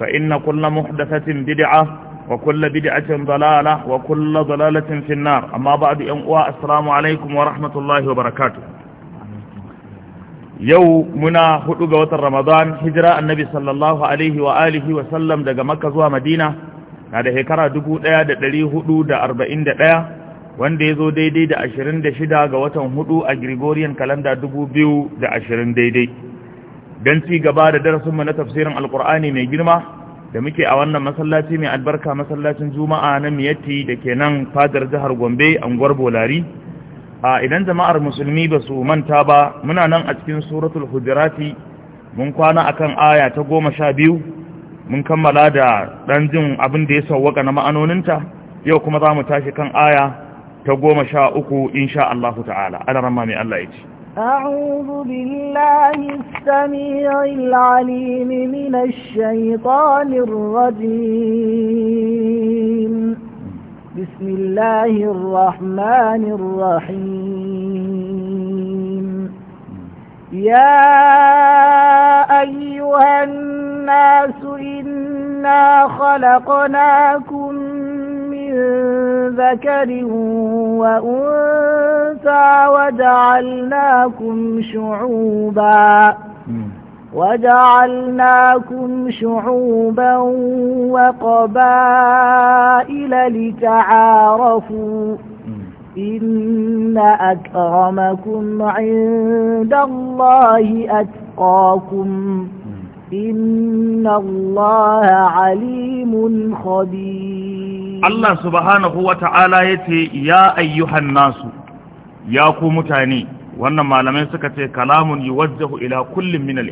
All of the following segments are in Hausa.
فإن كل محدثة بدعة وكل بدعة ضلالة وكل ضلالة في النار أما بعد أنقوى السلام عليكم ورحمة الله وبركاته يو منا هدوغة رمضان هجرة النبي صلى الله عليه وآله وسلم دقى مكة زوى مدينة هذا هكرا دقو ديا دقلي هدو دا أربعين دقيا wanda ya zo daidai da ashirin da shida ga watan hudu a Gregorian kalanda dubu biyu da ashirin daidai don ci gaba da darasinmu na tafsirin alkur'ani mai girma da muke a wannan masallaci mai albarka masallacin juma'a na miyatti da ke nan fadar jihar gombe anguwar bolari a idan jama'ar musulmi ba su manta ba muna nan a cikin suratul hujurati mun kwana akan aya ta goma sha biyu mun kammala da ɗan jin abin da ya sauwaka na ma'anoninta yau kuma za mu tashi kan aya ta goma sha uku insha Allah ta'ala ana ramma mai Allah ya ce أعوذ بالله السميع العليم من الشيطان الرجيم بسم الله الرحمن الرحيم يا أيها الناس إنا خلقناكم ذكر وأنثى وجعلناكم شعوبا وجعلناكم شعوبا وقبائل لتعارفوا إن أكرمكم عند الله أتقاكم إن الله عليم خبير Allah subhanahu wa ta'ala ya ce ya ayyuhan nasu ya ku mutane wannan malamai suka ce kalamun yuwajjahu ila kullum min al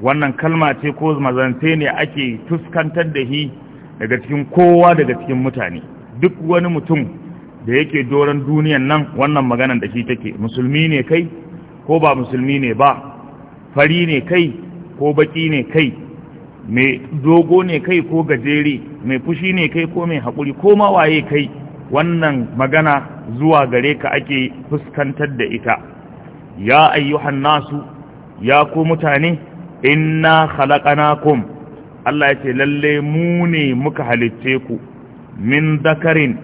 wannan kalma ce ko mazance ne ake tuskantar da hi daga cikin kowa daga cikin mutane duk wani mutum da yake doron duniyan nan wannan maganan da shi take musulmi ne kai ko ba musulmi ne ba fari ne kai ko baƙi ne kai mai dogo ne kai ko gajeri mai fushi ne kai ko mai haƙuri ko ma waye kai wannan magana zuwa gare ka ake fuskantar da ita ya ayyuhan nasu ya ku mutane inna khalaqanakum Allah ya ce lalle mu ne muka halicce ku min zakarin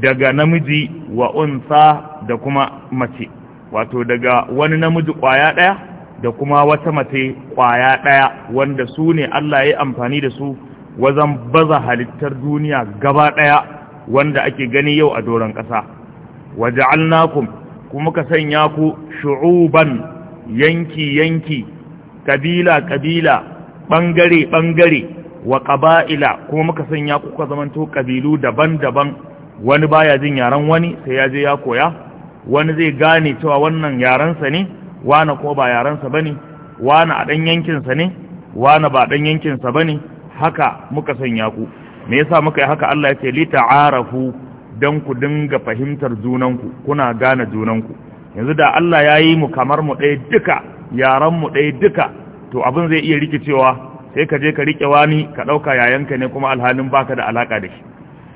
daga namiji wa unsa da kuma mace wato daga wani namiji kwaya daya da kuma wata mace kwaya ɗaya wanda su ne Allah ya yi amfani da su wajen baza halittar duniya gaba ɗaya wanda ake gani yau a doron ƙasa waja'alnakum kuma ka sanya ku shu'uban yanki yanki kabila kabila ɓangare-ɓangare, wa ƙaba'ila kuma muka sanya ku ka zamanto kabilu daban-daban wani baya jin yaren wani sai ya je ya koya wani zai gane cewa wannan yarensa ne wane ko ba yarensa ba ne wane a ɗan yankinsa ne wane ba ɗan yankinsa ba ne haka muka sanya ku me yasa muka yi haka Allah ya ce li ta'arafu dan ku dinga fahimtar junanku kuna gane junanku yanzu da Allah ya yi mu kamar mu ɗaya duka yaran mu ɗaya duka to abin zai iya rikicewa sai ka je ka rike wani ka ɗauka yayanka ne kuma alhalin baka da alaka da shi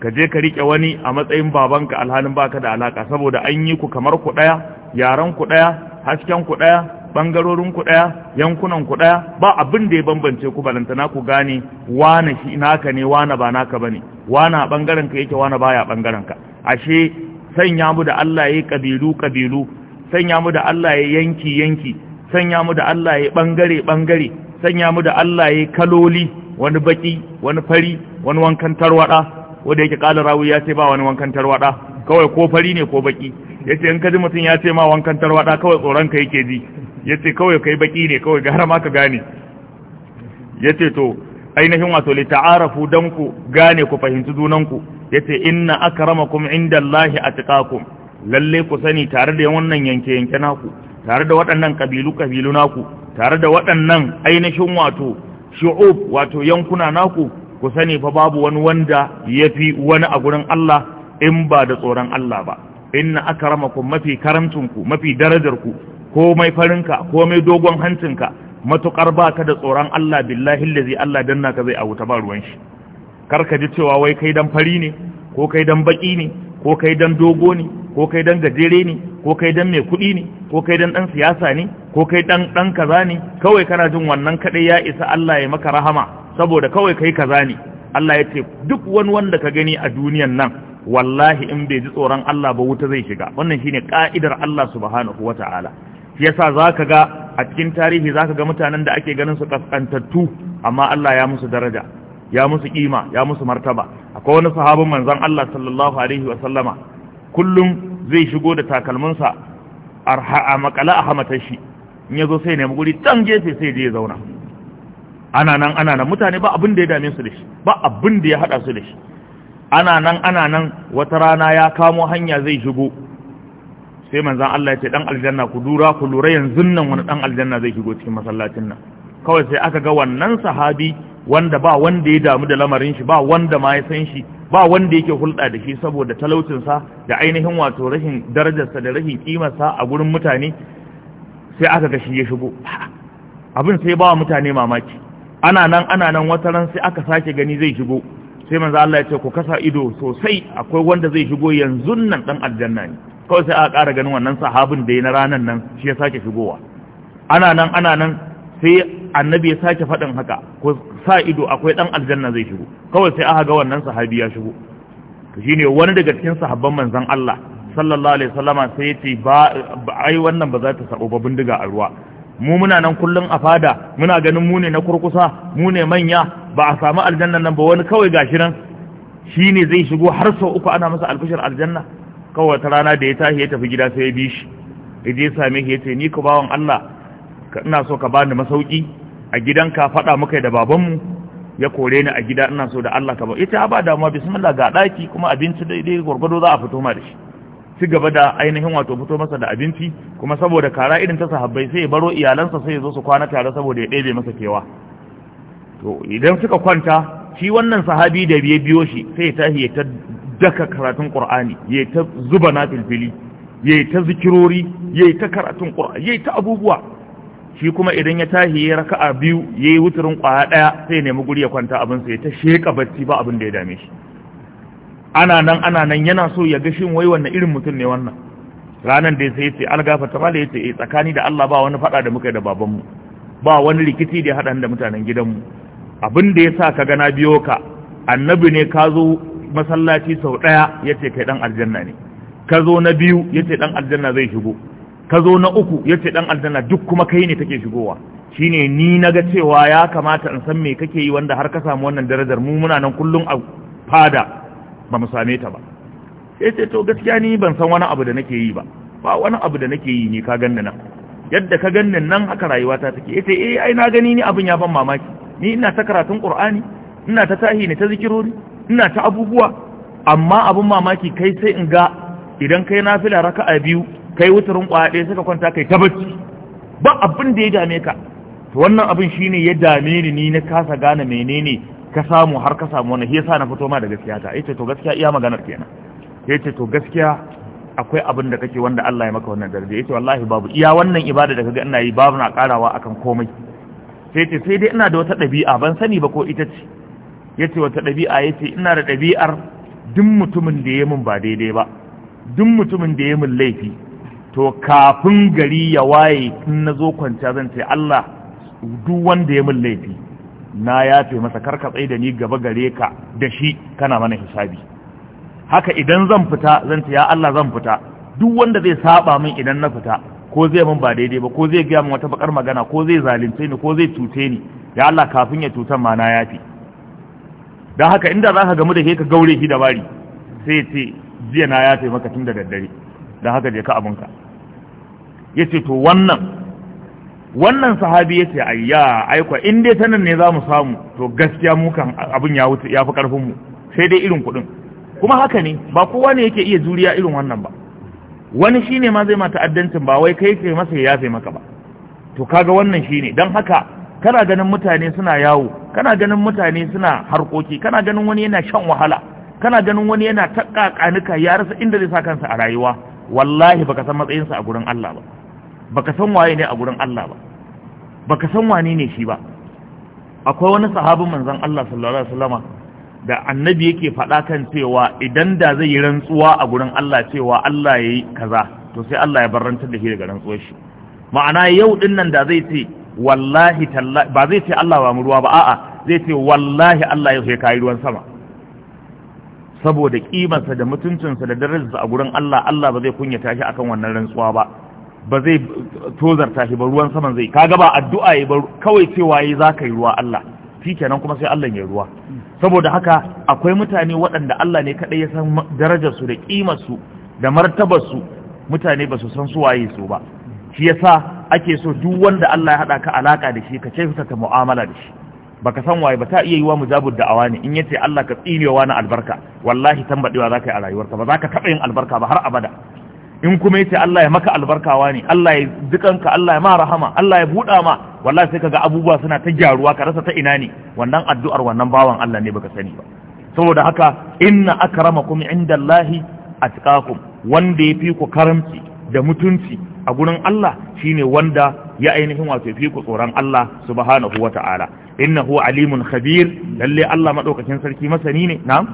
ka je ka rike wani a matsayin babanka alhalin baka da alaka saboda an yi ku kamar ku ɗaya yaran ku ɗaya hasken ku daya bangarorin ku daya yankunan ku daya ba abin da ya bambance ku balantana ku gane wane shi naka ne wane ba naka bane wane a bangaren ka yake wane baya bangaren ka ashe sanya mu da Allah yayi kabilu kabilu sanya mu da Allah yayi yanki yanki sanya mu da Allah yayi bangare bangare sanya mu da Allah yayi kaloli wani baki wani fari wani wankan tarwada wanda yake kala rawi ya ce ba wani wankan tarwada kawai ko fari ne ko baki ya ce in ka ji mutum ya ce ma wankan tarwada kawai tsoron ka yake ji ya ce kawai kai baki ne kawai gara ma ka gane ya ce to ainihin wato li ta'arafu dan ku gane ku fahimci ku ya ce inna akramakum inda Allahi atqakum lalle ku sani tare da wannan yanke yanke naku tare da waɗannan kabilu kabilu naku tare da waɗannan ainihin wato shu'ub wato yankuna naku ku sani fa babu wani wanda ya fi wani a gurin Allah in ba da tsoron Allah ba inna akramakum mafi karamcinku mafi darajarku komai farinka mai dogon hancinka matukar baka da tsoron Allah billahi allazi Allah danna ka zai a ba ruwan shi Kar ka ji cewa wai kai dan fari ne ko kai dan baki ne ko kai dan dogo ne ko kai dan gajere ne ko kai dan mai kuɗi ne ko kai dan dan siyasa ne ko kai dan dan kaza ne kawai kana jin wannan kaɗai ya isa Allah ya maka rahama saboda kawai kai kaza ne Allah ya ce duk wani wanda ka gani a duniyan nan wallahi in bai ji tsoron Allah ba wuta zai shiga wannan shine ka'idar Allah subhanahu wata'ala yasa zaka ga a cikin tarihi zaka ga mutanen da ake ganin su kaskantattu amma Allah ya musu daraja ya musu kima ya musu martaba akwai wani sahabin manzon Allah sallallahu alaihi wa sallama kullum zai shigo da takalminsa a makala a hamatar shi in yazo sai nemi guri can gefe sai je zauna ana nan ana nan mutane ba abin da ya dame su da shi ba abin da ya hada su da shi ana nan ana nan wata rana ya kamo hanya zai shigo sai manzan Allah ya ce dan aljanna ku dura ku lura yanzu nan wani dan aljanna zai shigo cikin masallacin nan kawai sai aka ga wannan sahabi wanda ba wanda ya damu da lamarin shi ba wanda ma ya san shi ba wanda yake hulɗa da shi saboda talaucinsa da ainihin wato rashin darajarsa da rashin kimarsa a gurin mutane sai aka ga shi ya shigo abin sai ba mutane mamaki ana nan ana nan wata sai aka sake gani zai shigo sai manzo Allah ya ce ku kasa ido sosai akwai wanda zai shigo yanzu nan dan aljanna ne kawai sai aka ƙara ganin wannan sahabin da ya na ranan nan shi ya sake shigowa ana nan ana nan sai annabi ya sake faɗin haka ku sa ido akwai dan aljanna zai shigo kawai sai aka ga wannan sahabi ya shigo to shine wani daga cikin sahabban manzon Allah sallallahu alaihi wasallama sai ya ce ai wannan ba za ta sabo ba bindiga a ruwa mu muna nan kullun a fada muna ganin mu ne na kurkusa mu ne manya ba a samu aljanna nan ba wani kawai gashi nan shi ne zai shigo har sau uku ana masa alfishar aljanna kawai ta rana da ya tashi ya tafi gida sai ya bi shi ya same shi ya ce ni ka bawan Allah ina so ka bani masauki a gidanka faɗa muka da babanmu ya kore ni a gida ina so da Allah ka ba ita ba damuwa bismillah ga ɗaki kuma abinci daidai gwargwado za a fito ma da shi ci gaba da ainihin wato fito masa da abinci kuma saboda kara irin ta sahabbai sai ya baro iyalansa sai ya zo su kwana tare saboda ya ɗebe masa kewa to idan suka kwanta shi wannan sahabi da biye biyo shi sai ya tashi ya ta daka karatun qur'ani ya ta zuba na filfili ya ta zikirori ya ta karatun qur'ani ya ta abubuwa shi kuma idan ya tashi ya raka'a biyu ya yi wuturin kwaya daya sai ya nemi guri ya kwanta abin sai ya ta sheka barci ba abin da ya dame shi ana nan ana nan yana so ya ga shin wai wannan irin mutum ne wannan ranan da sai ce algafa ta mala ya ce eh, tsakani da Allah ba wani fada da muka da babanmu ba wani rikici da ya hada da mutanen gidanmu abin da ya sa ka gana biyo ka annabi ne ka zo masallaci sau daya yace kai dan aljanna ne ka zo na biyu yace dan aljanna zai shigo ka zo na uku yace dan aljanna duk kuma kai ne take shigowa shine ni na ga cewa ya kamata in san me kake yi wanda har ka samu wannan darajar mu muna nan kullun a fada ba mu same ta ba sai sai to gaskiya ni ban san wani abu da nake yi ba ba wani abu da nake yi ni ka ganna nan yadda ka ganna nan haka rayuwata take sai eh ai na gani ni abin ya ban mamaki ni ina ta karatun qur'ani ina ta tahi ne ta zikirori ina ta abubuwa amma abin mamaki kai sai in ga idan kai nafila raka'a biyu kai wuturin kwade suka kwanta kai ta bacci ba abin da ya dame ka to wannan abin shine ya dame ni ni na kasa gane menene ka samu har ka samu wani yasa na fito ma da gaskiya ta yace to gaskiya iya maganar kenan yace to gaskiya akwai abin da kake wanda Allah ya maka wannan daraja yace wallahi babu iya wannan ibada da kaga ina yi babu na karawa akan komai sai ce sai dai ina da wata dabi'a ban sani ba ko ita ce yace wata dabi'a yace ina da dabi'ar duk mutumin da ya min ba daidai ba duk mutumin da ya min laifi to kafin gari ya waye in nazo zo zan ce Allah duk wanda ya min laifi na yafe masa karka tsaye da ni gaba gare ka da shi kana mana hisabi haka idan zan fita zan ce ya Allah zan fita duk wanda zai saba min idan na fita ko zai min ba daidai ba ko zai gaya min wata bakar magana ko zai zalunce ni ko zai cuce ni ya Allah kafin ya cutar ma na yafe dan haka inda zaka gamu da ke ka gaure shi da bari sai ce jiya na yafe maka tun da daddare dan haka je ka abunka yace to wannan wannan sahabi ya ce ayya aikwa in dai ta ne za mu samu to gaskiya mu kan abin ya wuce ya fi karfinmu sai dai irin kuɗin kuma haka ne ba kowa ne yake iya juriya irin wannan ba wani shi ma zai ma ta'addancin ba wai kai ke masa ya yafe maka ba to kaga wannan shine, ne don haka kana ganin mutane suna yawo kana ganin mutane suna harkoki kana ganin wani yana shan wahala kana ganin wani yana taƙaƙanuka ya rasa inda zai sa kansa a rayuwa wallahi baka san matsayinsa a gurin Allah ba baka san waye ne a gurin Allah ba baka san wani ne shi ba akwai wani sahabin manzon Allah sallallahu alaihi wasallama da annabi yake faɗa kan cewa idan da zai yi rantsuwa a gurin Allah cewa Allah yayi kaza to sai Allah ya barantar da shi daga rantsuwar shi ma'ana yau din nan da zai ce wallahi tallahi ba zai ce Allah ba mu ruwa ba a'a zai ce wallahi Allah ya sai kai ruwan sama saboda kimarsa da mutuncinsa da darajarsa a gurin Allah Allah ba zai kunyata shi akan wannan rantsuwa ba ba zai tozarta shi ba ruwan saman zai kaga ba addu'a yi ba kawai cewa yi za ka yi ruwa Allah shi kenan kuma sai Allah ya ruwa saboda haka akwai mutane waɗanda Allah ne kaɗai ya san darajarsu da ƙimarsu da martabarsu mutane ba su san su waye su ba shi yasa ake so duk wanda Allah ya haɗa ka alaka da shi ka ce ta mu'amala da shi baka san waye ba ta iya yi yiwa mujabud da ne in yace Allah ka tsinewa na albarka wallahi tambadewa ka yi a rayuwarka ba za ka taɓa yin albarka ba har abada in kuma yace Allah ya maka albarkawa ne Allah ya dukanka Allah ya ma rahama Allah ya buɗa ma wallahi sai kaga abubuwa suna ta gyaruwa ka rasa ta ina ne wannan addu'ar wannan bawan Allah ne baka sani ba saboda haka inna akramakum indallahi atqakum wanda yafi ku karamci da mutunci a gurin Allah shine wanda ya ainihin wato yafi ku tsoron Allah subhanahu wata'ala innahu alimun khabir lalle Allah madaukakin sarki masani ne na'am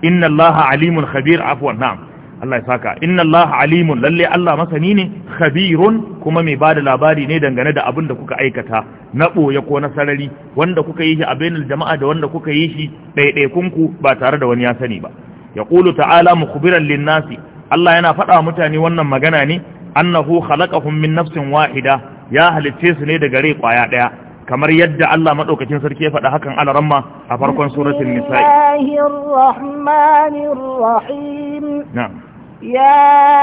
inna allaha alimun khabir afwan na'am Allah ya saka inna Allah alimun lalle Allah masani ne khabirun kuma mai bada labari ne dangane da abin da kuka aikata na boye ko na sarari wanda kuka yi shi a bainul jama'a da wanda kuka yi shi ɗaiɗaikunku ba tare da wani ya sani ba kulu ta'ala mukhbiran lin linnasi Allah yana faɗa mutane wannan magana ne annahu khalaqahum min nafsin wahida ya halicce su ne daga rai kwaya daya kamar yadda Allah maɗaukacin sarki ya faɗa hakan alaramma a farkon suratul nisa'i. Rahim. Na'am. يا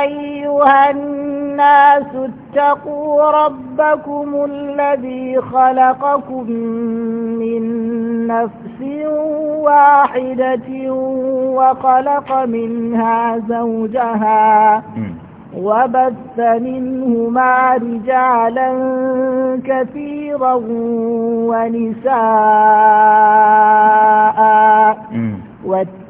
أيها الناس اتقوا ربكم الذي خلقكم من نفس واحدة وخلق منها زوجها وبث منهما رجالا كثيرا ونساء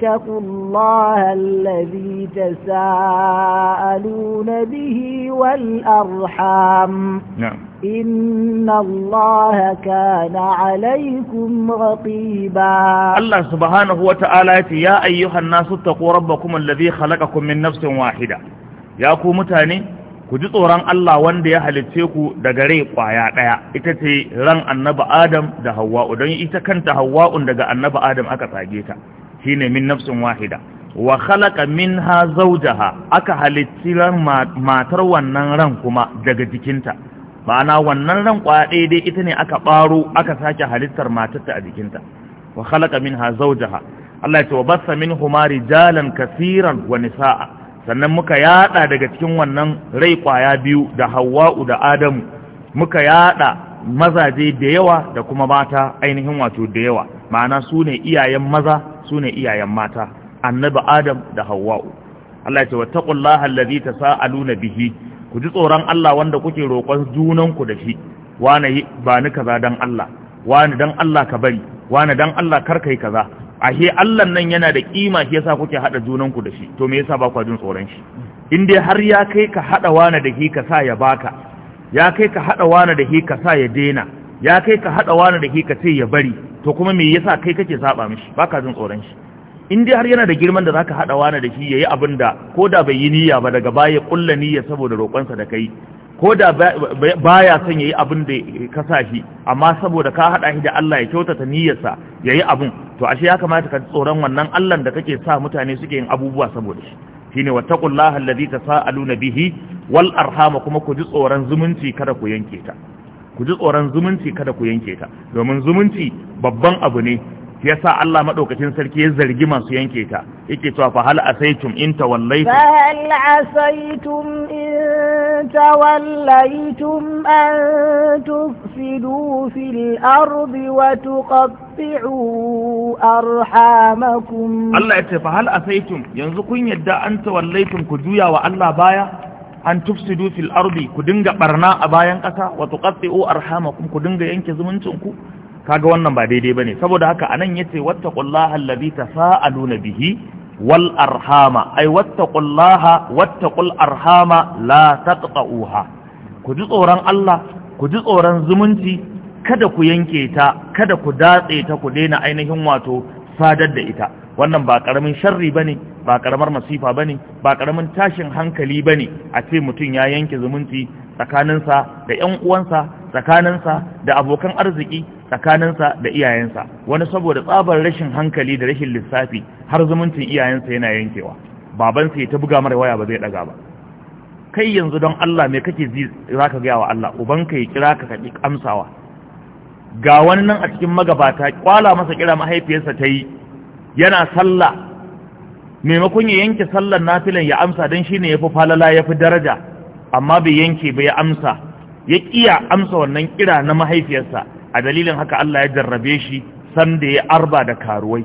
واتقوا الله الذي تساءلون به والأرحام نعم إن الله كان عليكم رقيبا الله سبحانه وتعالى يا أيها الناس اتقوا ربكم الذي خلقكم من نفس واحدة يا كومتاني كجد ران الله واندي هلتيكو دقري قايا قايا اتتي ران النبى آدم دهواء دهي اتكنت هواء دقى النبى آدم أكتاجيتا shine min nafsin wahida wa khalaqa minha zawjaha aka halicci matar wannan ran kuma daga jikinta ma'ana wannan ran kwaya daidai ita ne aka baro aka sake halittar matarta a jikinta wa khalaqa minha zawjaha Allah ya ce wa bassa minhuma rijalan kaseeran wa nisaa sannan muka yada daga cikin wannan rai kwaya biyu da Hawwa'u da Adamu muka yada mazaje da yawa da kuma mata ainihin wato da yawa ma'ana su ne iyayen maza su ne iyayen mata annabi adam da hawa'u Allah ya ce wattaqullaha allazi tasaaluna bihi ku ji tsoron Allah wanda kuke roƙon junanku da shi wani ba ni kaza dan Allah wani dan Allah ka bari wani dan Allah kar kai kaza ahe Allah nan yana da kima shi yasa kuke hada ku da shi to me yasa ba ku jin tsoron shi in dai har ya kai ka hada wani da shi ka sa ya baka ya kai ka haɗa wani da ka sa ya daina ya kai ka haɗa wani da ka ce ya bari to kuma me yasa kai kake saba mishi baka jin tsoron shi in dai har yana da girman da zaka haɗa wani da shi yayi abin da ko da bai yi niyya ba daga baya kulla niyya saboda roƙonsa da kai ko da baya son yayi abin da ka sa shi amma saboda ka haɗa shi da Allah ya kyautata niyyarsa yayi abin to ashe ya kamata ka tsoron wannan Allah da kake sa mutane suke yin abubuwa saboda shi shine wattaqullaha allazi tasaaluna bihi wal arhama kuma ku ji zumunci kada ku yanke ta ku ji tsoron zumunci kada ku yanke ta domin zumunci babban abu ne shi yasa Allah madaukakin sarki ya zargi masu yanke ta yake cewa fa hal asaitum in tawallaitum fa hal asaitum in tawallaitum an tufsidu fil ardi wa tuqatti'u arhamakum Allah yace fa hal asaitum yanzu kun yadda an tawallaitum ku juya wa Allah baya an tufsidu fil ardi ku dinga barna a bayan kasa wa tuqatti'u arhamakum ku dinga yanke zumuncin ku kaga wannan ba daidai bane saboda haka anan yace wattaqullaha allazi tasaaluna bihi wal arhama ay wattaqullaha wattaqul arhama la taqta'uha ku ji tsoron Allah ku ji tsoron zumunci kada ku yanke ta kada ku datse ta ku daina ainihin wato sadar da ita wannan ba karamin sharri bane ba karamar masifa bane ba karamin tashin hankali bane a ce mutum ya yanke zumunci tsakaninsa da ƴan uwansa tsakaninsa da abokan arziki tsakaninsa da iyayensa wani saboda tsabar rashin hankali da rashin lissafi har zumuncin iyayensa yana yankewa babansa ya ta buga mara waya ba zai daga ba kai yanzu don Allah me kake za ka gaya wa Allah ubanka ya kira ka kaɗi amsawa ga wani nan a cikin magabata kwala masa kira mahaifiyarsa ta yi yana sallah maimakon ya yanke sallar nafilan ya amsa don shi ne ya fi falala ya fi daraja amma bai yanke ba ya amsa ya kiya amsa wannan kira na mahaifiyarsa a dalilin haka Allah ya jarrabe shi sanda ya arba da karuwai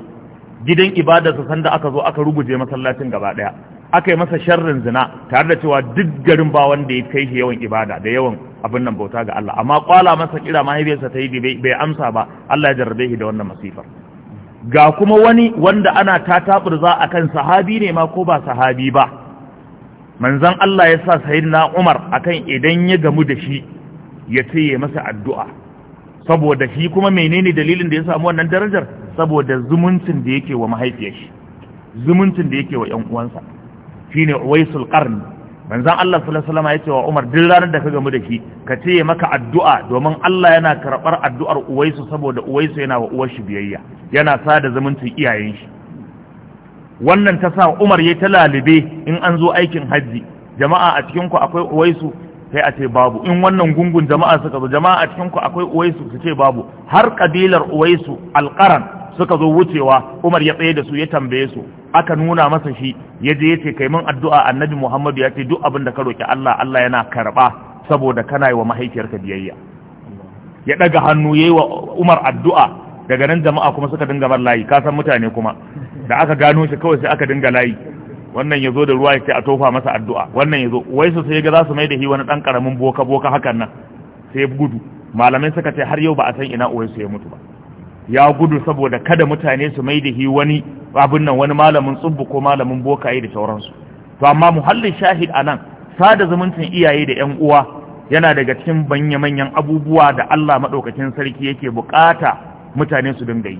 gidan ibadarsa sanda aka zo aka rubuje masallacin gaba daya aka yi masa sharrin zina tare da cewa duk garin ba wanda ya kai shi yawan ibada da yawan abin nan bauta ga Allah amma kwala masa kira mahaifiyarsa ta yi bai amsa ba Allah ya jarrabe shi da wannan masifar ga kuma wani wanda ana ta taburza kan sahabi ne ma ko ba sahabi ba manzon Allah ya sa sayyidina Umar akan idan ya gamu da shi ya ce ya masa addu'a saboda shi kuma menene dalilin da ya samu wannan darajar saboda zumuncin da yake wa mahaifiyar shi zumuncin da yake wa ‘yan uwansa shi ne waisul ƙarni manzan Allah salama ya ce wa Umar duk ranar da ka gamu da shi ka ce maka addu'a domin Allah yana karɓar addu'ar uwaisu saboda uwaisu yana wa uwar biyayya yana sa da zumuncin iyayen shi wannan ta sa Umar ya ta lalube in an zo aikin hajji jama'a a cikinku akwai uwaisu sai a ce babu in wannan gungun jama'a suka zo jama'a a cikin ku akwai uwaisu su ce babu har kabilar uwaisu alqaran suka zo wucewa Umar ya tsaye da su ya tambaye su aka nuna masa shi ya je ya ce kai min addu'a annabi Muhammadu ya ce duk abin da ka roki Allah Allah yana karba saboda kana yi wa mahaifiyarka biyayya ya daga hannu yayi wa Umar addu'a daga nan jama'a kuma suka dinga bar layi ka san mutane kuma da aka gano shi kawai sai aka dinga layi wannan ya zo da ruwa ya a tofa masa addu'a wannan yazo zo wai su sai ga za su mai da shi wani ɗan ƙaramin boka-boka hakan nan sai gudu malamai suka ce har yau ba a san ina uwaisu ya mutu ba ya gudu saboda kada mutane su mai da shi wani abun nan wani malamin tsubbu ko malamin boka yi da sauransu to amma muhallin shahid anan nan sada zumuncin iyaye da 'yan uwa yana daga cikin manya-manyan abubuwa da Allah madaukakin sarki yake bukata mutane su dinga yi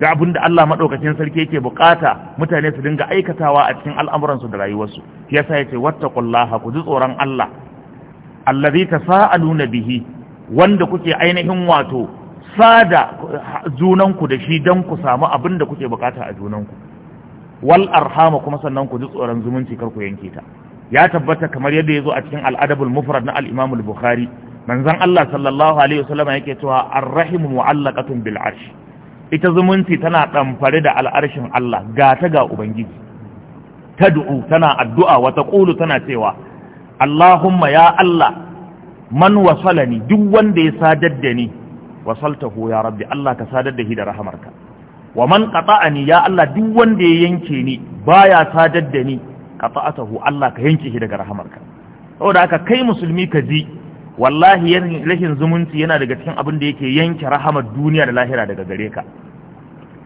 ga abin da Allah madaukakin sarki yake bukata mutane su dinga aikatawa a cikin al'amuransu da rayuwarsu yasa yace wattaqullaha ku ji tsoron Allah allazi tasaaluna bihi wanda kuke ainihin wato sada junanku da shi dan ku samu abin da kuke bukata a junanku wal arhama kuma sannan ku ji tsoron zumunci kar ku yanke ta ya tabbata kamar yadda yazo a cikin al-adabul mufrad na al-imam al-bukhari manzon Allah sallallahu alaihi wasallam yake cewa ar-rahimu mu'allaqatun bil arsh ita zumunci tana ɗanfari da al'arshin Allah ga ta ga Ubangiji ta du'u tana addu'a wata ƙulu tana cewa Allahumma ya Allah man wasala ni duk wanda ya sadar da ni wasaltahu ya rabbi Allah ka sadar da shi da rahamarka wa man ni ya Allah duk wanda ya yanke ni baya sadar da ni qata'atahu Allah ka yanke shi daga rahamarka saboda haka kai musulmi ka ji wallahi rashin zumunci yana daga cikin abin da yake yanke rahamar duniya da lahira daga gare ka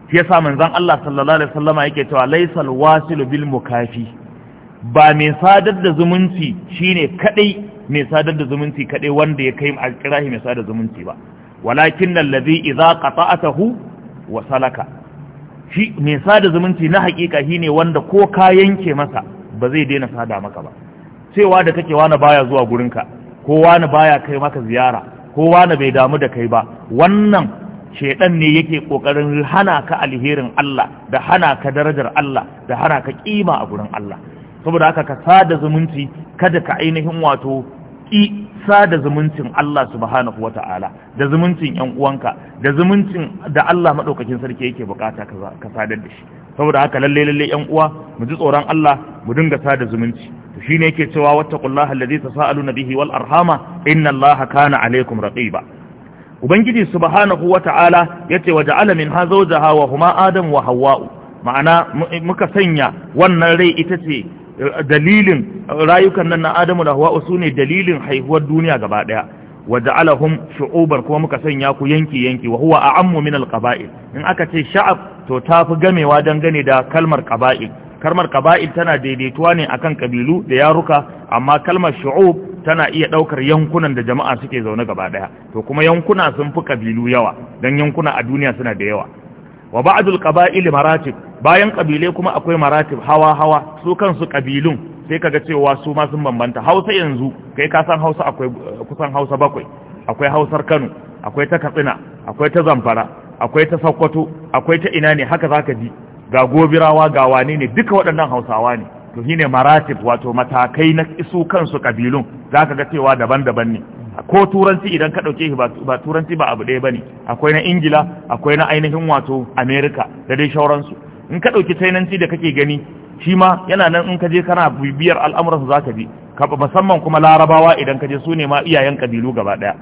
shi yasa manzon Allah sallallahu alaihi wasallama yake cewa laysal wasilu bil mukafi ba mai sadar da zumunci shine kadai mai sadar da zumunci kadai wanda ya kai alkirahi mai sadar da zumunci ba walakin allazi idza qata'atahu wa salaka shi mai sada zumunci na hakika shine wanda ko ka yanke masa ba zai daina sada maka ba cewa da kake wani baya zuwa gurinka kowa na baya kai maka ziyara kowa na bai damu da kai ba wannan shedan ne yake kokarin hana ka alherin Allah da hana ka darajar Allah da hana ka kima a gurin Allah saboda haka ka sada zumunci kada ka ainihin wato ki sada zumuncin Allah subhanahu wata'ala da zumuncin yan uwanka da zumuncin da Allah madaukakin sarki yake bukata ka sadar da shi saboda haka lalle lalle yan uwa mu ji tsoron Allah mu dinga sada zumunci shi ne yake cewa wattaqullaha allazi tasaaluna bihi wal arhama inna allaha kana alaikum raqiba ubangiji subhanahu wata'ala yace waja'ala minha zawjaha wa huma adam wa hawwa ma'ana muka sanya wannan rai ita ce eh, dalilin eh, rayukan nan na adamu da hawa su ne dalilin haihuwar duniya gaba daya waja'alahum shu'uban kuma muka sanya ku yanki yanki wa huwa a'ammu min al-qaba'il in aka ce sha'ab to tafi gamewa dangane da kalmar qaba'il kalmar ƙaba'il tana daidaituwa ne akan kabilu da yaruka amma kalmar shu'ub tana iya ɗaukar yankunan da jama'a suke zaune gaba daya to kuma yankuna sun fi kabilu yawa dan yankuna a duniya suna da yawa wa ba'dul qaba'il maratib bayan kabile kuma akwai maratib hawa hawa su kansu kabilun sai kaga cewa su ma sun bambanta Hausa yanzu kai ka san Hausa akwai kusan Hausa bakwai akwai Hausar Kano akwai ta Katsina akwai ta Zamfara akwai ta Sokoto akwai ta ina ne haka zaka ji ga gobirawa ga wane ne duka waɗannan hausawa ne to shine maratib wato matakai na isu kansu kabilun zaka ga cewa daban-daban ne ko turanci idan ka ɗauke shi ba turanci ba abu ɗaya ba ne akwai na ingila akwai na ainihin wato amerika da dai shauransu in ka ɗauki tainanci da kake gani shi ma yana nan in ka je kana bibiyar al'amuransu za ka bi musamman kuma larabawa idan ka je su ne ma iyayen kabilu gaba ɗaya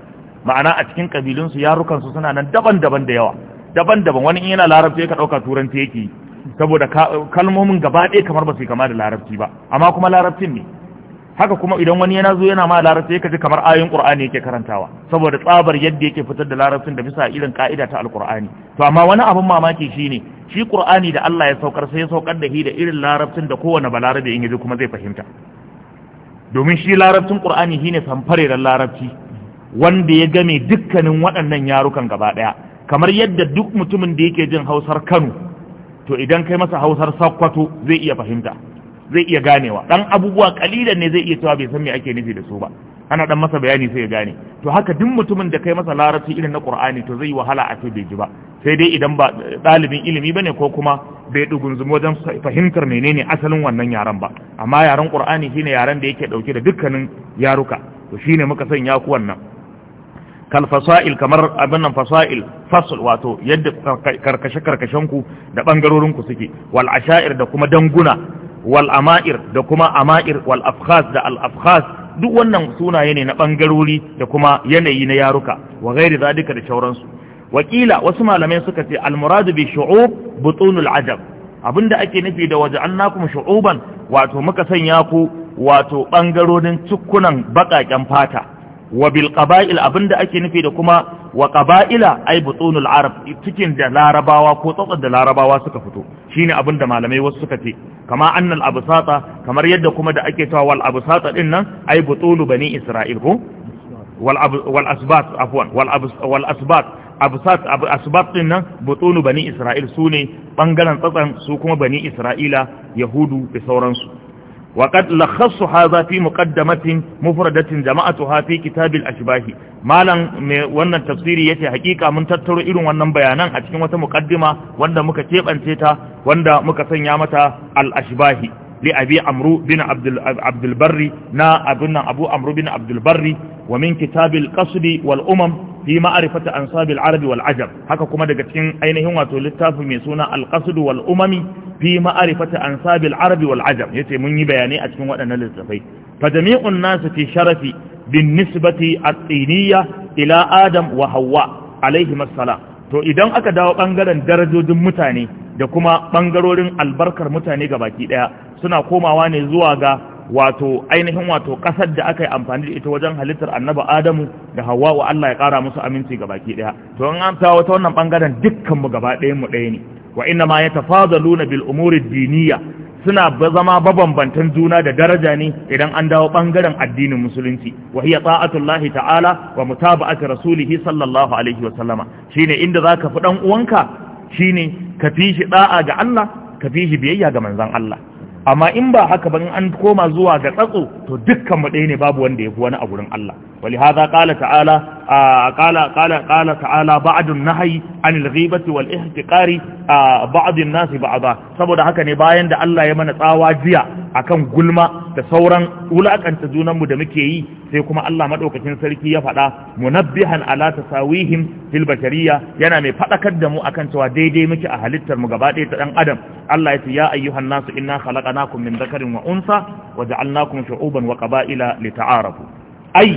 ma'ana a cikin ƙabilunsu yarukansu suna nan daban-daban da yawa daban-daban wani in yana larabci ka ɗauka turanci yake yi saboda kalmomin gaba ɗaya kamar ba su kama da larabci ba amma kuma larabcin ne haka kuma idan wani yana zo yana ma larabci yake ji kamar ayoyin qur'ani yake karantawa saboda tsabar yadda yake fitar da larabcin da bisa irin ka'ida ta alqur'ani to amma wani abin mamaki shine shi qur'ani da Allah ya saukar sai ya saukar da shi da irin larabcin da kowane balarabe in yaji kuma zai fahimta domin shi larabcin qur'ani shine samfare da larabci wanda ya game dukkanin waɗannan yarukan gaba ɗaya kamar yadda duk mutumin da yake jin hausar Kano to idan kai masa hausar sakwato zai iya fahimta zai iya ganewa dan abubuwa kalilan ne zai iya cewa bai san me ake nufi da su ba ana dan masa bayani sai ya gane to haka duk mutumin da kai masa larabci irin na qur'ani to zai wahala a ce bai ba sai dai idan ba dalibin ilimi bane ko kuma bai dugunzumi wajen fahimtar menene asalin wannan yaren ba amma yaren qur'ani shine yaren da yake dauke da dukkanin yaruka to shine muka sanya ku wannan kal kamar abin nan fasa'il fasl wato yadda karkashe karkashenku da bangarorin ku suke wal asha'ir da kuma danguna wal ama'ir da kuma ama'ir wal afkhas da al afkhas duk wannan sunaye ne na bangarori da kuma yanayi na yaruka wa za duka da shauransu wakila wasu malamai suka ce al muradu bi shu'ub butunul ajab abinda ake nufi da waja'annakum shu'uban wato muka sanya ku wato bangarorin cukkunan bakaken fata wa bil qaba'il abinda ake nufi da kuma wa qaba'ila ay butunul arab cikin da larabawa ko tsatsar da larabawa suka fito shine abinda malamai wasu suka ce kama annal absata kamar yadda kuma da ake cewa wal absata din nan ay butulu bani isra'il ko wal wal asbat afwan wal wal asbat asbat din nan butunu bani isra'il sune bangaren tsatsan su kuma bani isra'ila yahudu da sauransu وقد لخص هذا في مقدمة مفردة جماعتها في كتاب الأشباه مالا وانا التفسير يتي حقيقة من تتر إلو وانا بيانا أتكين وانا مقدمة وانا مكتيب أنتيتا وانا مكسن يامتا الأشباه لأبي عمرو بن عبد, عبد البري نا أبنا أبو عمرو بن عبد البري ومن كتاب القصد والأمم fi ma'arifata ansabil arabi wal ajab haka kuma daga cikin ainihin wato littafi mai suna al wal umami fi ma'arifata ansabil arabi wal ajab yace mun yi bayanai a cikin waɗannan littafai fa jami'un nasu fi sharafi bin nisbati at-tiniyya ila adam wa hawwa alaihi assalam to idan aka dawo bangaren darajojin mutane da kuma bangarorin albarkar mutane ga baki daya suna komawa ne zuwa ga wato ainihin wato kasar da aka yi amfani da ita wajen halittar annaba adamu da hawa wa Allah ya kara musu aminci ga baki daya to an amsa wata wannan bangaren dukkanmu gaba ɗayan mu ɗaya ne wa inna ma yatafazaluna bil umuri diniya suna zama babanbantan juna da daraja ne idan an dawo bangaren addinin musulunci wa hiya ta'atullahi ta'ala wa mutaba'ati rasulihi sallallahu alaihi wa sallama shine inda zaka fi dan uwanka shine ka fi shi da'a ga Allah ka fi shi biyayya ga manzon Allah amma in ba haka ba in an koma zuwa ga tsatso to dukkan mu ɗaya ne babu wanda ya fi wani a gurin Allah wali hadha qala ta'ala qala qala qala ta'ala ba'dun nahyi anil ghibati wal ihtiqari ba'd an-nas ba'da saboda haka ne bayan da Allah ya mana tsawa jiya akan gulma da sauran wulakanta junanmu da muke yi sai kuma Allah maɗaukacin sarki ya faɗa munabbihan ala tasawihim fil bashariyya yana mai faɗakar da mu akan cewa daidai muke a halittar mu gaba ɗaya ta dan adam Allah ya ce ya ayyuhan nasu inna khalaqnakum min dhakarin wa unsa wa ja'alnakum shu'uban wa qaba'ila lita'arafu ai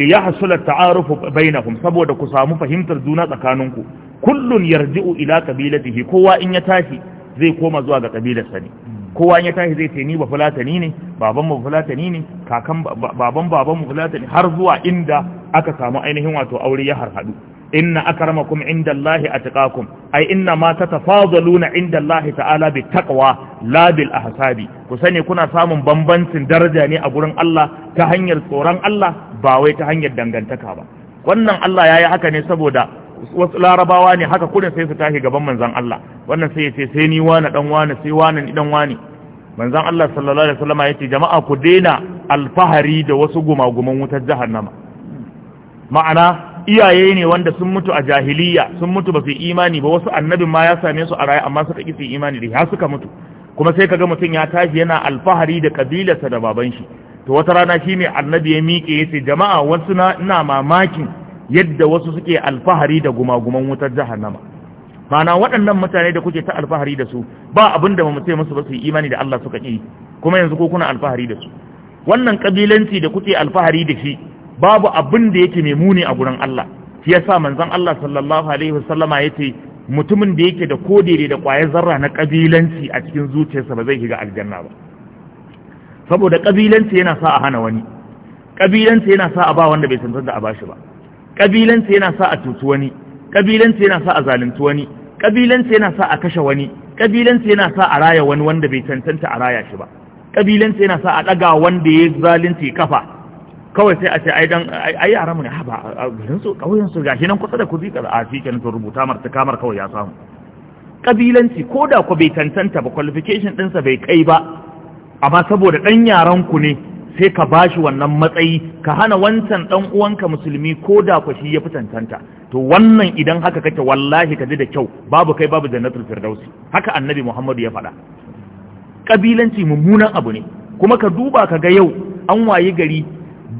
li yahsul at-ta'arufu bainakum saboda ku samu fahimtar juna tsakaninku kullun yarji'u ila qabilatihi kowa in ya tashi zai koma zuwa ga kabilarsa ne kowa ya tashi zai ce ba fulatani ne baban ba fulatani ne kakan baban baban fulatani har zuwa inda aka samu ainihin wato aure ya harhadu inna akramakum indallahi atqakum ai inna ma tatafadaluna indallahi ta'ala bi taqwa la bil ahsabi ku sani kuna samun bambancin daraja ne a gurin Allah ta hanyar tsoron Allah ba wai ta hanyar dangantaka ba wannan Allah yayi haka ne saboda wasu larabawa ne haka kudin sai su tashi gaban manzan Allah wannan sai ya ce sai ni wani dan wani sai wani ni dan wani manzan Allah sallallahu alaihi wasallam ya ce jama'a ku daina alfahari da wasu gumaguman wutar jahannama ma'ana iyaye ne wanda sun mutu a jahiliya sun mutu ba su imani ba wasu annabin ma ya same su a raye amma suka ki su imani da ya suka mutu kuma sai kaga mutum ya tashi yana alfahari da kabilarsa da baban shi to wata rana shine annabi ya miƙe yace jama'a wasu na ina mamakin yadda wasu suke alfahari da gumaguman wutar jahannama mana waɗannan mutane da kuke ta alfahari da su ba abin da mu musu ba su yi imani da Allah suka ki kuma yanzu ko kuna alfahari da su wannan kabilanci da kuke alfahari da shi babu abin da yake mai muni a gurin Allah shi yasa manzon Allah sallallahu alaihi wasallama yace mutumin da yake da kodere da kwayar zarra na kabilanci a cikin zuciyarsa ba zai shiga aljanna ba saboda kabilanci yana sa a hana wani kabilanci yana sa a ba wanda bai san da a bashi ba Ƙabilanta yana sa a tutu wani Ƙabilanta yana sa a zalunci wani Ƙabilanta yana sa a kashe wani Ƙabilanta yana sa a raya wani wanda bai cancanta a raya shi ba Ƙabilanta yana sa a ɗaga wanda ya zalunci kafa kawai sai a ce ai dan ai haramu ne haba garin su kauyen su gashi nan kusa da ku zika a shi kenan to rubuta mar ta kamar kawai ya samu kabilanci ko da ku bai tantanta ba qualification ɗinsa bai kai ba amma saboda ɗan yaran ku ne sai ka bashi wannan matsayi ka hana wancan ɗan uwanka musulmi ko da kwashi ya fitantanta to wannan idan haka kake wallahi ka ji da kyau babu kai babu jannatul firdausi haka annabi muhammadu ya faɗa kabilanci mummunan abu ne kuma ka duba ka ga yau an wayi gari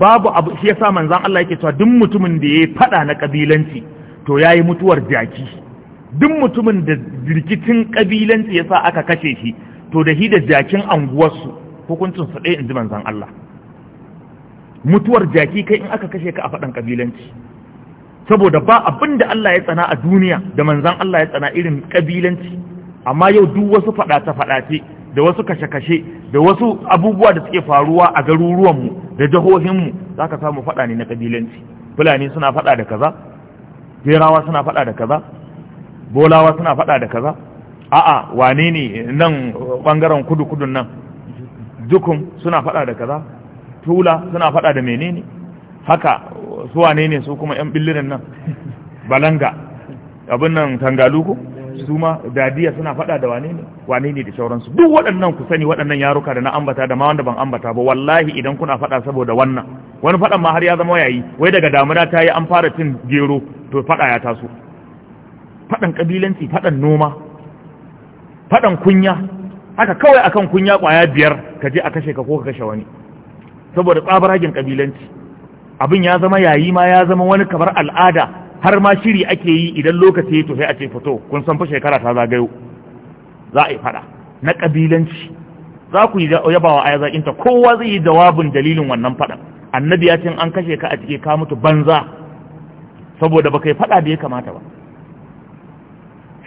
babu abu shi yasa manzon Allah yake cewa duk mutumin da ya faɗa na kabilanci to yayi mutuwar jaki duk mutumin da rikicin kabilanci yasa aka kashe shi to da hidda da jakin anguwarsu hukuncin su ɗaya in ji manzon Allah mutuwar jaki kai in aka kashe ka a faɗan ƙabilanci saboda ba abin da Allah ya tsana a duniya da manzan Allah ya tsana irin ƙabilanci amma yau duk wasu faɗace-faɗace da wasu kashe-kashe da wasu abubuwa da suke faruwa a garuruwanmu da jihohinmu za ka samu faɗa ne na ƙabilanci fulani suna faɗa da kaza jerawa suna faɗa da kaza bolawa suna faɗa da kaza a'a wane ne nan ɓangaren kudu-kudun nan dukun suna faɗa da kaza tula suna fada da menene haka su wane ne su kuma yan billirin nan balanga abin nan tangaluku su ma dadiya suna fada da wane ne wane ne da sauransu duk waɗannan ku sani waɗannan yaruka da na ambata da ma wanda ban ambata ba wallahi idan kuna fada saboda wannan wani fadan ma har ya zama yayi wai daga damuna ta yi an fara cin gero to fada ya taso fadan kabilanci fadan noma fadan kunya haka kawai akan kunya kwaya biyar ka je a kashe ka ko ka kashe wani saboda tsabaragen kabilanci abin ya zama yayi ma ya zama wani kamar al'ada har ma shiri ake yi idan lokaci to sai a ce fito kun san fa shekara ta zagayo za a yi fada na kabilanci za ku yi yabawa yaza inta kowa zai yi jawabin dalilin wannan fadan annabi ya ce an kashe ka a cike ka mutu banza saboda baka yi fada da ya kamata ba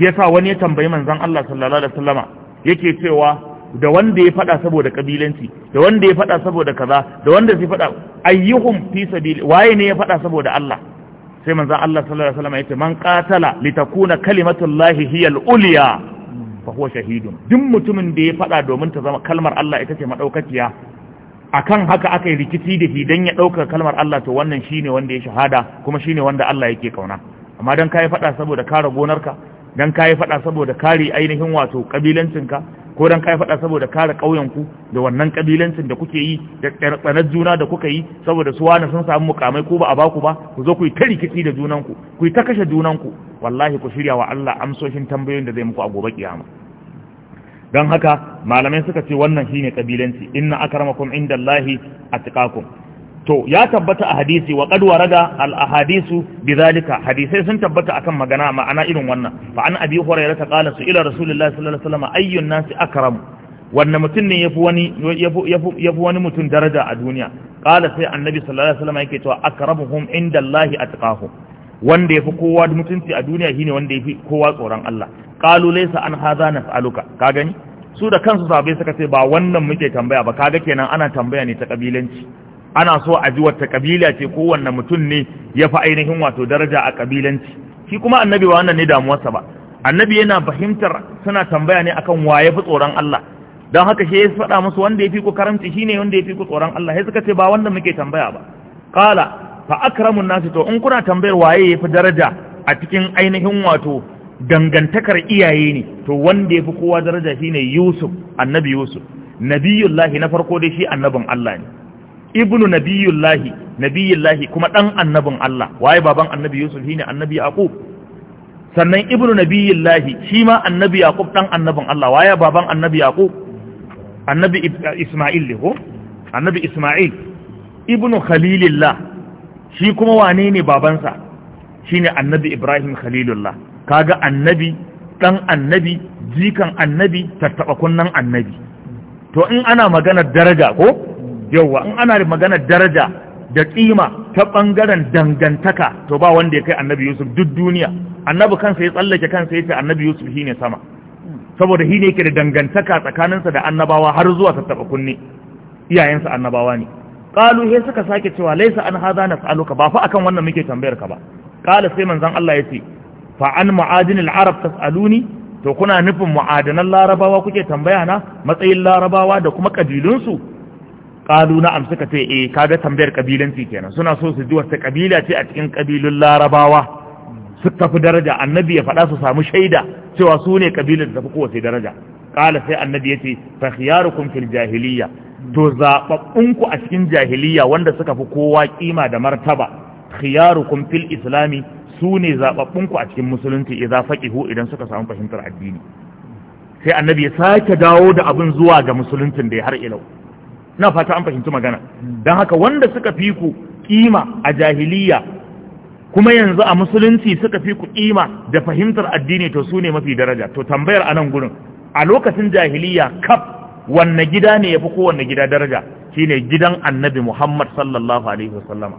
shi yasa wani ya tambayi manzon Allah sallallahu alaihi wasallama yake cewa da wanda ya fada saboda kabilanci da wanda ya fada saboda kaza da wanda zai fada ayyuhum fi sabili waye ne ya fada saboda Allah sai manzo Allah sallallahu alaihi wasallam yace man qatala litakuna kalimatullahi hiya al-ulya fa huwa shahidun duk mutumin da ya fada domin ta zama kalmar Allah ita ce madaukakiya akan haka aka yi rikici da shi dan ya dauka kalmar Allah to wannan shine wanda ya shahada kuma shine wanda Allah yake kauna amma dan kai fada saboda kare gonarka dan kai faɗa saboda kare ainihin wato kabilancinka. ko dan kai faɗa saboda kare ƙauyen ku da wannan kabilancin da kuke yi da tsanar juna da kuka yi saboda su wani sun samu mukamai ko ba a baku ba ku zo ku yi ta rikici da junan ku ku yi ta kashe junan ku wallahi ku shirya wa Allah amsoshin tambayoyin da zai muku a gobe kiyama don haka malamai suka ce wannan shine kabilanci inna akramakum indallahi atqakum to ya tabbata a hadisi wa qad warada al ahadisu bidhalika hadisai sun tabbata akan magana ma'ana irin wannan fa an abi hurairah ta qala su ila rasulullahi sallallahu alaihi wasallam ayyun nasi akram wanne mutum ne yafi wani yafi wani mutum daraja a duniya qala sai annabi sallallahu alaihi wasallam yake cewa akramuhum indallahi atqahu wanda yafi kowa mutunci a duniya shine wanda yafi kowa tsoron Allah qalu laysa an hadha nas'aluka ka gani su da kansu sabai suka ce ba wannan muke tambaya ba kaga kenan ana tambaya ne ta kabilanci ana so a ji wata kabila ce kowanne mutum ne ya fi ainihin wato daraja a kabilanci shi kuma annabi ba wannan ne damuwarsa ba annabi yana fahimtar suna tambaya ne akan wa ya fi tsoron Allah don haka shi ya faɗa musu wanda ya fi ku karamci shi ne wanda ya fi ku tsoron Allah sai suka ce ba wanda muke tambaya ba kala fa akramun nasi to in kuna tambayar waye ya fi daraja a cikin ainihin wato dangantakar iyaye ne to wanda ya fi kowa daraja shi shine Yusuf annabi Yusuf nabiyullahi na farko dai shi annabin Allah ne ibnu nabiyullahi nabiyullahi kuma dan annabin Allah waye baban annabi Yusuf shine annabi Yaqub sannan ibnu nabiyullahi shi ma annabi Yaqub dan annabin Allah waye baban annabi Yaqub annabi eh, Isma'il ne ko annabi Isma'il ibnu khalilillah shi kuma wane ne babansa shine annabi Ibrahim khalilullah kaga annabi dan annabi jikan annabi tattaba kunnan annabi to in ana maganar daraja ko yauwa in ana magana daraja da kima ta bangaren dangantaka to ba wanda ya kai annabi yusuf duk duniya annabi kansa ya tsallake kansa ya ce annabi yusuf shine sama saboda shi ne yake da dangantaka tsakaninsa da annabawa har zuwa tattaɓa kunne iyayensa annabawa ne ƙalu sai suka sake cewa laisa an haza na sa'aluka ba fa akan wannan muke tambayar ka ba ƙala sai manzon Allah ya ce fa an mu'adin arab tas'aluni to kuna nufin ma'adanan larabawa kuke tambaya na matsayin larabawa da kuma kabilunsu qalu na'am suka ce eh kaga tambayar kabilanci kenan suna so su ji wata kabila ce a cikin kabilun larabawa su tafi daraja annabi ya faɗa su samu shaida cewa su ne kabilar da tafi kowace daraja kala sai annabi yace fa khiyarukum fil jahiliya to zababbunku a cikin jahiliya wanda suka fi kowa kima da martaba khiyarukum fil islami su ne zababbunku a cikin musulunci idza faqihu idan suka samu fahimtar addini sai annabi ya sake dawo da abin zuwa ga musuluncin da ya har ilau na fata an fahimci magana don haka wanda suka fi ku kima a jahiliya kuma yanzu a musulunci suka fi ku kima da fahimtar addini to su ne mafi daraja to tambayar a nan gurin a lokacin jahiliya kaf wanne gida ne yafi fi kowanne gida daraja shine gidan annabi muhammad sallallahu alaihi wasallama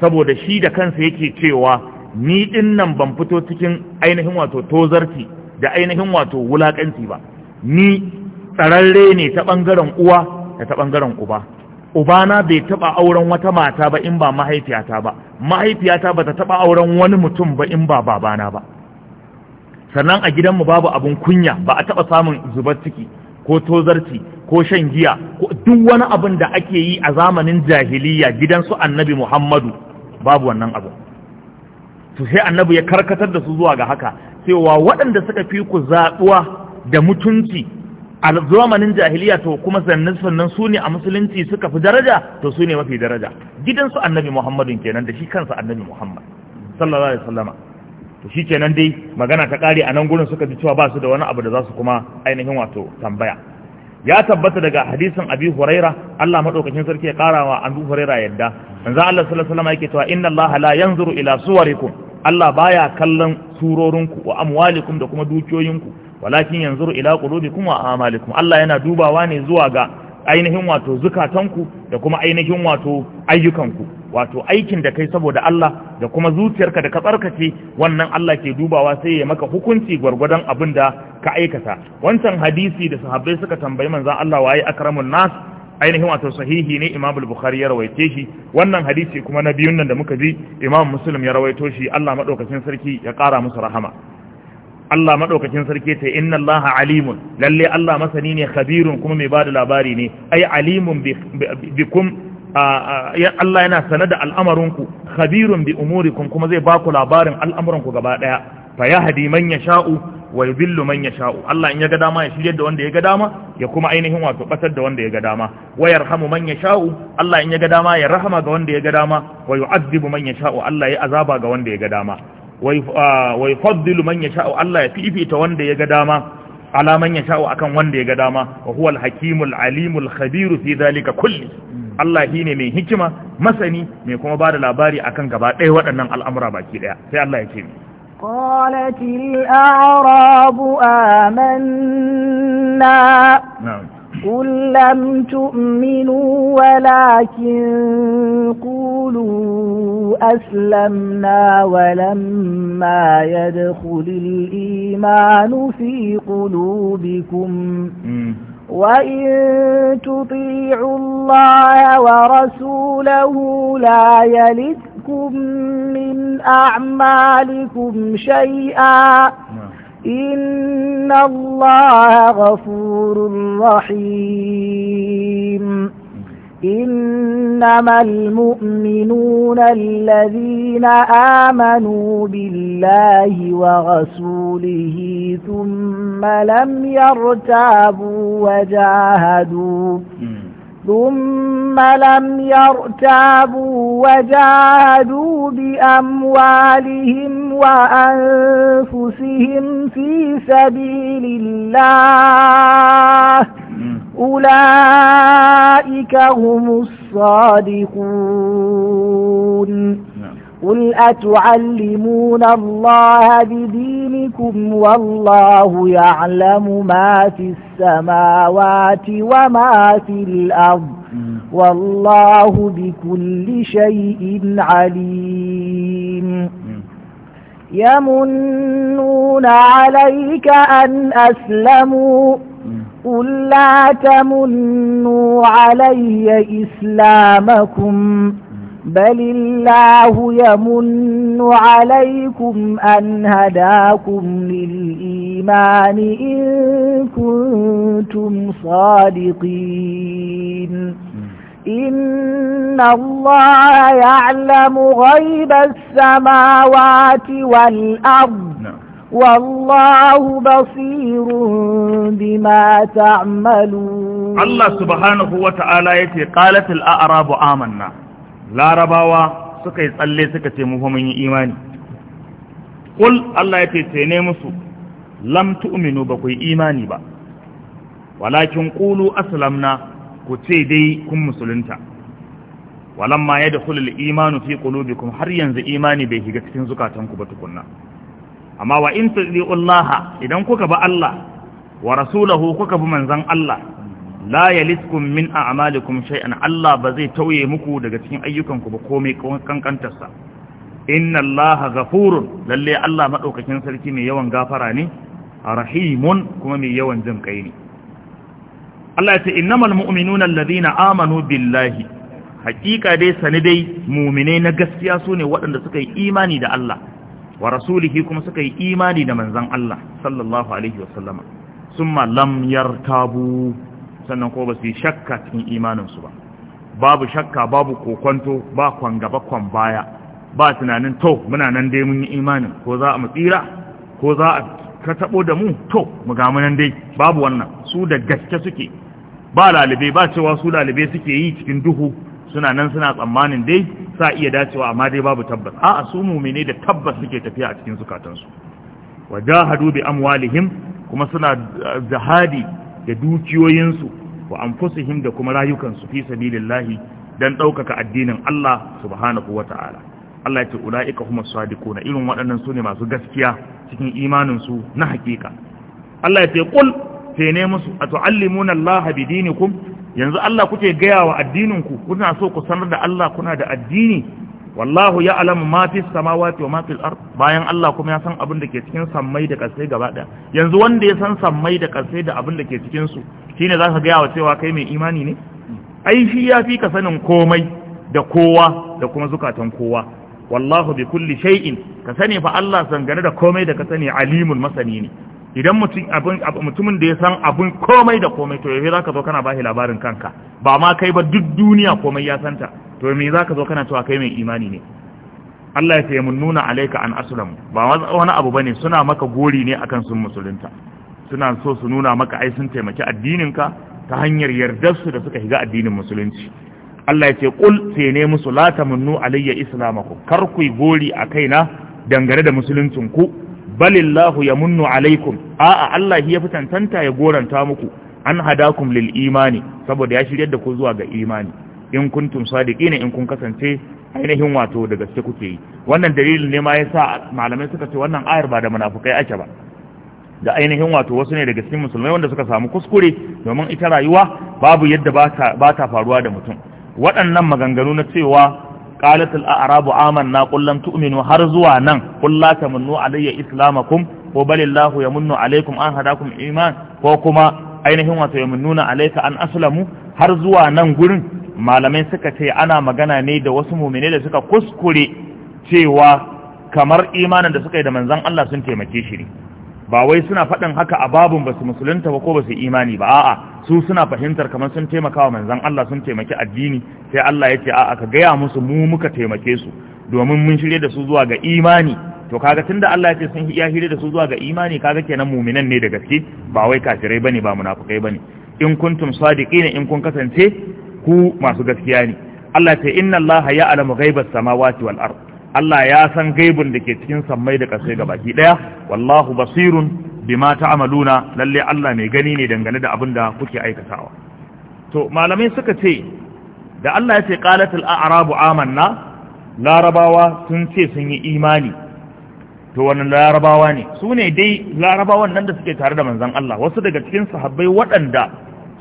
saboda shi da kansa yake cewa ni din nan ban fito cikin ainihin wato tozarci da ainihin wato wulakanci ba ni tsararre ne ta bangaren uwa da ta bangaren uba ubana bai taba auren wata mata ba in ba mahaifiyata ba mahaifiyata ba ta taba auren wani mutum ba in ba babana ba sannan a gidanmu babu abun kunya ba a taba samun zubar ciki ko tozarci ko shan giya ko duk wani abin da ake yi a zamanin jahiliya gidansu annabi muhammadu babu wannan abu to sai annabi ya karkatar da su zuwa ga haka cewa waɗanda suka fi ku zaɓuwa da mutunci a zamanin jahiliya to kuma sannan sannan su ne a musulunci suka fi daraja to su ne mafi daraja gidansu annabi muhammadun kenan da shi kansa annabi muhammad sallallahu alaihi wasallama to shi kenan dai magana ta kare a nan gurin suka ji cewa ba su da wani abu da za su kuma ainihin wato tambaya ya tabbata daga hadisin abi huraira Allah madaukakin sarki ya kara wa abu huraira yadda manzo Allah sallallahu alaihi yake cewa inna Allah la yanzuru ila suwarikum Allah baya kallon surorinku wa amwalikum da kuma dukiyoyinku walakin yanzu ila kuma, wa amalikum Allah yana dubawa ne zuwa ga ainihin wato zukatanku da kuma ainihin wato ayyukanku wato aikin da kai saboda Allah da kuma zuciyarka da ka tsarkace wannan Allah ke dubawa sai ya maka hukunci gwargwadon abin da ka aikata wancan hadisi da sahabbai suka tambayi manzon Allah waye akramun nas ainihin wato sahihi ne Imam al-Bukhari ya rawaite shi wannan hadisi kuma na biyun nan da muka ji Imam Muslim ya rawaito shi Allah madaukakin sarki ya kara musu rahama Allah maɗaukacin sarki ta inna Allah alimun lalle Allah masani ne khabirun kuma mai bada labari ne ai alimun bikum Allah yana sanar da al'amarinku khabirun bi umurikum kuma zai baku labarin al'amuranku gaba daya fa yahdi man yasha'u wa yudillu man yasha'u Allah in ya ga dama ya shiryar da wanda ya ga dama ya kuma ainihin wato batar da wanda ya ga dama wa yarhamu man yasha'u Allah in ya ga dama ya rahama ga wanda ya ga dama wa yu'adhibu man yasha'u Allah ya azaba ga wanda ya ga dama wa yufaddilu ah, manya yasha'u Allah ya fifita wanda ya ga dama ala manya yasha'u akan wanda ya ga dama wa huwa hakimul alimul khabiru fi dalika kulli Allah shine mai hikima masani mai kuma ba da labari akan gaba ɗaya waɗannan al'amura baki ɗaya sai Allah ya ce ni قالت الأعراب آمنا نعم قل لم تؤمنوا ولكن قولوا أسلمنا ولما يدخل الإيمان في قلوبكم وإن تطيعوا الله ورسوله لا يلدكم من أعمالكم شيئا نعم. إن الله غفور رحيم إنما المؤمنون الذين آمنوا بالله ورسوله ثم لم يرتابوا وجاهدوا ثم لم يرتابوا وجاهدوا بأموالهم وأنفسهم في سبيل الله أولئك هم الصادقون قل أتعلمون الله بدينكم والله يعلم ما في السماوات وما في الأرض والله بكل شيء عليم يمنون عليك أن أسلموا قل لا تمنوا علي إسلامكم بل الله يمن عليكم أن هداكم للإيمان إن كنتم صادقين إن الله يعلم غيب السماوات والأرض نعم. والله بصير بما تعملون الله سبحانه وتعالى يتي قالت الأعراب آمنا larabawa suka yi tsalle suka ce mu mun yi imani kul Allah ya ce ne musu lam tu'minu ba ku yi imani ba walakin qulu aslamna ku ce dai kun musulunta walamma da al-imanu fi qulubikum har yanzu imani bai shiga cikin zukatanku ba tukunna amma wa in tu'li'u idan kuka ba Allah wa rasulahu kuka bi manzon Allah la yaliskum min a'malikum shay'an Allah ba zai tauye muku daga cikin ayyukanku ba komai kankantarsa inna Allah ghafurun lalle Allah madaukakin sarki mai yawan gafara ne rahimun kuma mai yawan jin kai ne Allah ya ce innamal mu'minuna alladhina amanu billahi hakika dai sani dai muminai na gaskiya su ne waɗanda suka yi imani da Allah wa rasulihi kuma suka yi imani da manzan Allah sallallahu alaihi wasallama summa lam yartabu sannan ko ba su yi shakka cikin imaninsu ba babu shakka babu kokwanto ba kwan gaba kwan baya ba tunanin to muna nan dai mun yi imanin ko za a mu tsira ko za a ka tabo da mu to mu ga mu nan dai babu wannan su da gaske suke ba lalibe ba cewa su lalibe suke yi cikin duhu suna nan suna tsammanin dai sa iya dacewa amma dai babu tabbas a'a su mumine da tabbas suke tafiya a cikin zukatansu wajahadu bi amwalihim kuma suna jihadi da dukiyoyinsu wa anfusihim da kuma rayukansu fi sabilillahi dan ɗaukaka addinin Allah subhanahu wa ta'ala Allah ya ce ula'ika kuma sadiquna irin waɗannan su ne masu gaskiya cikin imaninsu na hakika Allah ya ce qul sai ne musu atu'allimuna Allah bi dinikum yanzu Allah kuke gaya wa addininku kuna so ku sanar da Allah kuna da addini wallahu ya alamu ma fi samawati wa ma fil ard bayan Allah kuma ya san abin da ke cikin sammai da kasai gaba yanzu wanda ya san sammai da kasai da abin da ke cikin su shine zaka ga yawa cewa kai mai imani ne ai shi ya fi ka sanin komai da kowa da kuma zukatan kowa wallahu bi kulli shay'in ka sani fa Allah sangane da komai da ka sani alimul masani ne idan mutumin da ya san abin komai da komai to yaushe zaka zo kana bashi labarin kanka ba ma kai ba duk duniya komai ya santa to me zaka zo kana cewa kai mai imani ne Allah ya ce mun nuna alaika an aslam ba wani abu bane suna maka gori ne akan sun musulunta suna so su nuna maka ai sun taimaki addininka ta hanyar yardar su da suka shiga addinin musulunci Allah ya ce qul sai ne musulata munnu alayya islamakum kar ku gori a kaina dangane da musuluncin ku balillahu ya munnu alaikum a'a Allah ya fi tantanta ya goranta muku an hadakum lil imani saboda ya shiryar da ku zuwa ga imani in kuntum sadiqina in kun kasance ainihin wato da gaske kuke yi wannan dalilin ne ma yasa malamai suka ce wannan ayar ba da munafikai ake ba da ainihin wato wasu ne daga cikin musulmai wanda suka samu kuskure domin ita rayuwa babu yadda ba ta faruwa da mutum waɗannan maganganu na cewa qalat al a'rab amanna qul lam tu'minu har zuwa nan qul la tamnu alayya islamakum wa balillahu yamnu alaykum an hadakum iman ko kuma ainihin wato yamnuna alayka an aslamu har zuwa nan gurin malamai suka ce ana magana ne da wasu mu'mini da suka kuskure cewa kamar imanin da suka yi da manzon Allah sun taimake shiri. ba wai suna faɗin haka a babun ba su musulunta ba ko ba su imani ba a'a su suna fahimtar kamar sun taimaka wa manzon Allah sun taimaki addini sai Allah ya ce a'a ka gaya musu mu muka taimake su domin mun shirye da su zuwa ga imani to kaga tunda Allah ya ce sun iya shirye da su zuwa ga imani kaga kenan mu'minan ne da gaske ba wai kafirai bane ba munafikai bane in kuntum sadiqina in kun kasance ku masu gaskiya ne Allah ya ce inna Allah ya'lamu ghaibas samawati wal ardh Allah ya san gaibun da ke cikin sammai da ƙasai ga baki ɗaya wallahu basirun bima amaluna lalle Allah mai gani ne dangane da abin da kuke aikatawa to malamai suka ce da Allah ya ce qalatul a'rabu amanna larabawa sun ce sun yi imani to wannan larabawa ne su ne dai larabawan nan da suke tare da manzon Allah wasu daga cikin sahabbai waɗanda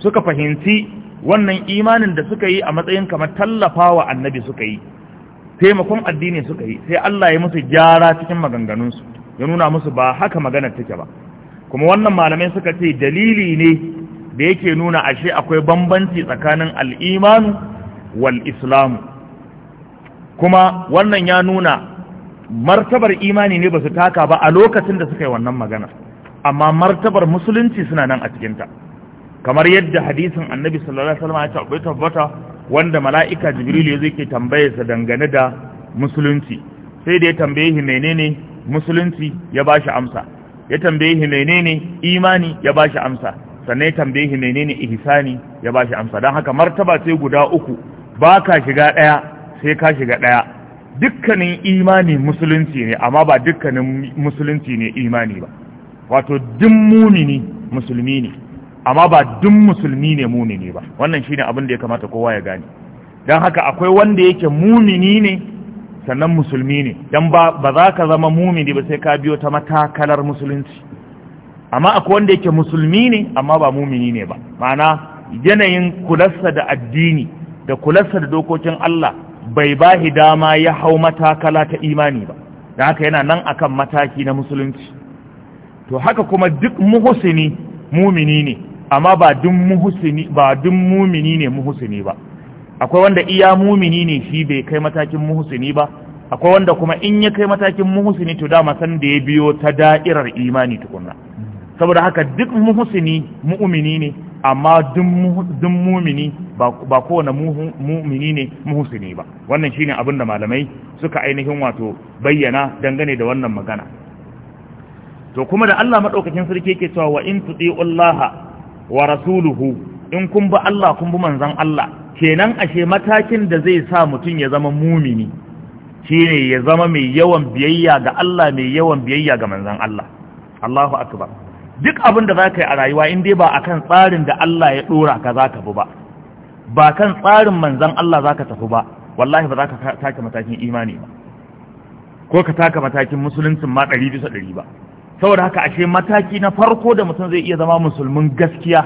suka fahimci wannan imanin da suka yi a matsayin kamar tallafawa annabi suka yi taimakon addini suka yi sai Allah ya musu gyara cikin maganganunsu ya nuna musu ba haka magana take ba kuma wannan malamai suka ce dalili ne da yake nuna ashe akwai bambanci tsakanin al'imanu wal islamu kuma wannan ya nuna martabar imani ne ba su taka ba a lokacin da suka yi wannan magana amma martabar musulunci suna nan a cikinta kamar yadda hadisin annabi sallallahu alaihi wasallam ya tabbata wanda mala'ika jibril ya zai ke tambayarsa dangane da musulunci sai da ya tambaye shi menene musulunci ya ba shi amsa ya tambaye shi menene imani ya ba shi amsa sannan ya tambaye shi menene ihsani ya ba shi amsa don haka martaba sai guda uku ba ka shiga ɗaya sai ka shiga ɗaya dukkanin imani musulunci ne amma ba dukkanin musulunci ne imani ba wato duk mumini musulmi ne amma ba duk musulmi ne mumini ba wannan shine abin da ya kamata kowa ya gane dan haka akwai wanda yake mumini ne sannan musulmi ne dan ba ba za ka zama mumini ba sai ka biyo ta matakalar musulunci amma akwai wanda yake musulmi ne amma ba mumini ne ba ma'ana yanayin kulasta da addini da kulasta da dokokin Allah bai ba shi dama ya hau matakala ta imani ba da haka yana nan akan mataki na musulunci to haka kuma duk muhusini mumini ne amma ba duk muhusini ba dun mumini ne muhusini ba akwai wanda iya mumini ne shi bai kai matakin muhusini ba akwai wanda kuma in ya kai matakin muhusini to dama san da ya biyo ta da'irar imani tukunna saboda haka duk muhusini mu'mini ne amma duk mumini ba kowane mumini ne muhusini ba wannan shine abin da malamai suka ainihin wato bayyana dangane da wannan magana to kuma da Allah madaukakin sarki yake cewa wa in Allah wa rasuluhu in kun bi Allah kun bi manzon Allah kenan ashe matakin da zai sa mutum ya zama mumini shine ya zama mai yawan biyayya ga Allah mai yawan biyayya ga manzon Allah Allahu akbar duk abin da zaka yi a rayuwa in dai ba akan tsarin da Allah ya dora ka zaka bi ba ba kan tsarin manzon Allah zaka tafi ba wallahi ba zaka taka matakin imani ba ko ka taka matakin musuluncin ma 100 bisa 100 ba saboda haka ashe mataki na farko da mutum zai iya zama musulmin gaskiya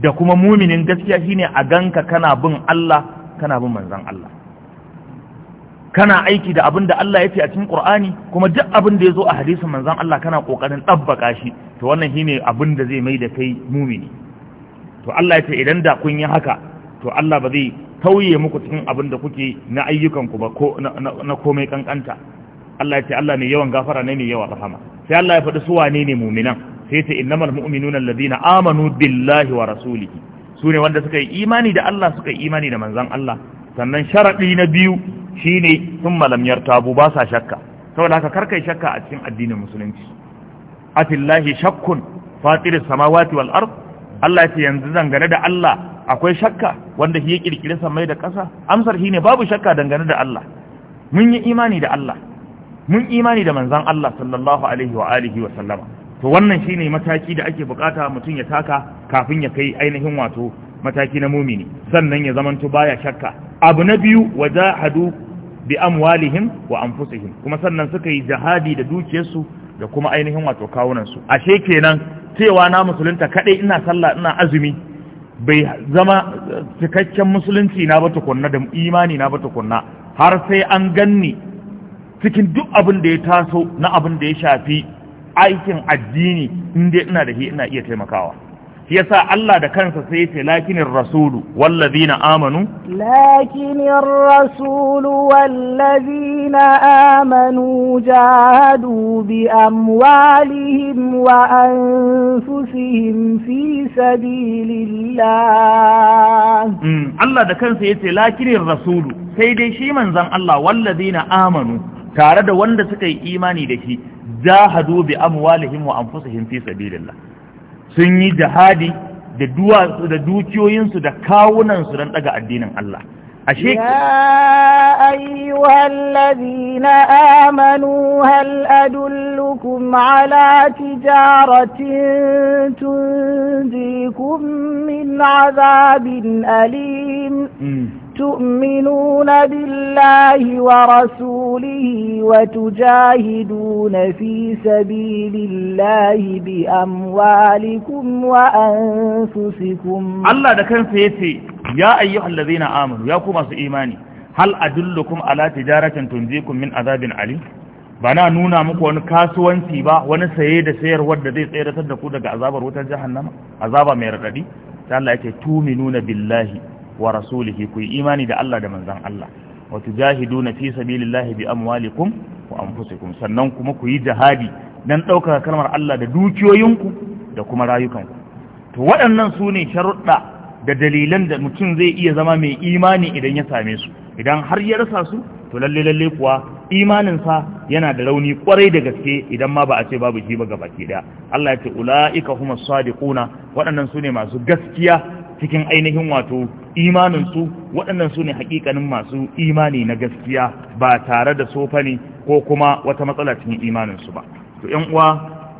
da kuma muminin gaskiya shine a ganka kana bin Allah kana bin manzon Allah kana aiki da abin da Allah ya ce a cikin Qur'ani kuma duk abin da ya zo a hadisin manzon Allah kana kokarin tabbaka shi to wannan shine abinda zai mai da kai mumini to Allah ya ce idan da kun yi haka to Allah ba zai tauye muku cikin abin kuke na ayyukanku ba ko na komai kankanta Allah ya ce Allah ne yawan gafara ne ne yawan rahama sai Allah ya faɗi su wane ne mu'minan sai ta innamal mu'minuna alladhina amanu billahi wa rasulihi Sune wanda suka yi imani da Allah suka yi imani da manzon Allah sannan sharadi na biyu shine sun malamyar tabu ba sa shakka saboda haka karkai shakka a cikin addinin musulunci atillahi shakkun fatiris samawati wal ard Allah ya ce yanzu dangane da Allah akwai shakka wanda shi ya kirkiri samai da ƙasa amsar shine babu shakka dangane da Allah mun yi imani da Allah mun imani da manzan Allah sallallahu alaihi wa alihi wa sallama to wannan shine mataki da ake bukata mutum ya taka kafin ya kai ainihin wato mataki na mumini sannan ya zamanto baya shakka abu na biyu wajahadu bi amwalihim wa anfusihim kuma sannan suka yi jihadi da dukiyarsu da kuma ainihin wato kawunansu ashe kenan cewa na musulunta kaɗai, ina sallah ina azumi bai zama cikakken musulunci na ba tukunna da imani na ba tukunna har sai an ganni cikin duk abin da ya taso na abin da ya shafi aikin addini inda ina da shi ina iya taimakawa Ya sa Allah da kansa sai ya ce lakinin rasulu na amanu lakinin rasulu na amanu jahadu bi amwalihim wa anfusihim fi sabilillah mm, Allah da kansa ya ce lakinin rasulu sai dai shi manzon Allah na amanu tare da wanda suka yi imani da shi jahadu bi amwalihim wa anfusihim fi sabilillah sun yi jihadi da duwa da dukiyoyinsu da kawunan su dan daga addinin Allah ashe ya ayyuhal ladina amanu hal adullukum ala tijaratin tunjikum min azabin alim hmm. تؤمنون بالله ورسوله وتجاهدون في سبيل الله بأموالكم وأنفسكم الله ده كان سيتي يا أيها الذين آمنوا يا كما إيماني هل أدلكم على تجارة تنجيكم من عذاب عليم bana nuna muku wani kasuwanci ba wani saye da sayarwar da zai tsayar da ku daga azabar wutar jahannama azaba mai radadi ta Allah billahi wa rasulihi ku yi imani da Allah da manzan Allah wa tujahiduna fi sabilillahi bi amwalikum wa anfusikum sannan kuma ku yi jihadi dan ɗaukaka kalmar Allah da dukiyoyinku da kuma rayukanku to waɗannan sune sharuɗa da dalilan da mutum zai iya zama mai imani idan ya same su idan har ya rasa su to lalle lalle kuwa imaninsa yana da rauni kwarai da gaske idan ma ba a ce babu shi ba gabaki da Allah ya ce ulaika humus sadiquna waɗannan sune masu gaskiya cikin ainihin wato imaninsu waɗannan su ne hakikanin masu imani na gaskiya ba tare da sofa ko kuma wata matsala cikin imaninsu ba to yan uwa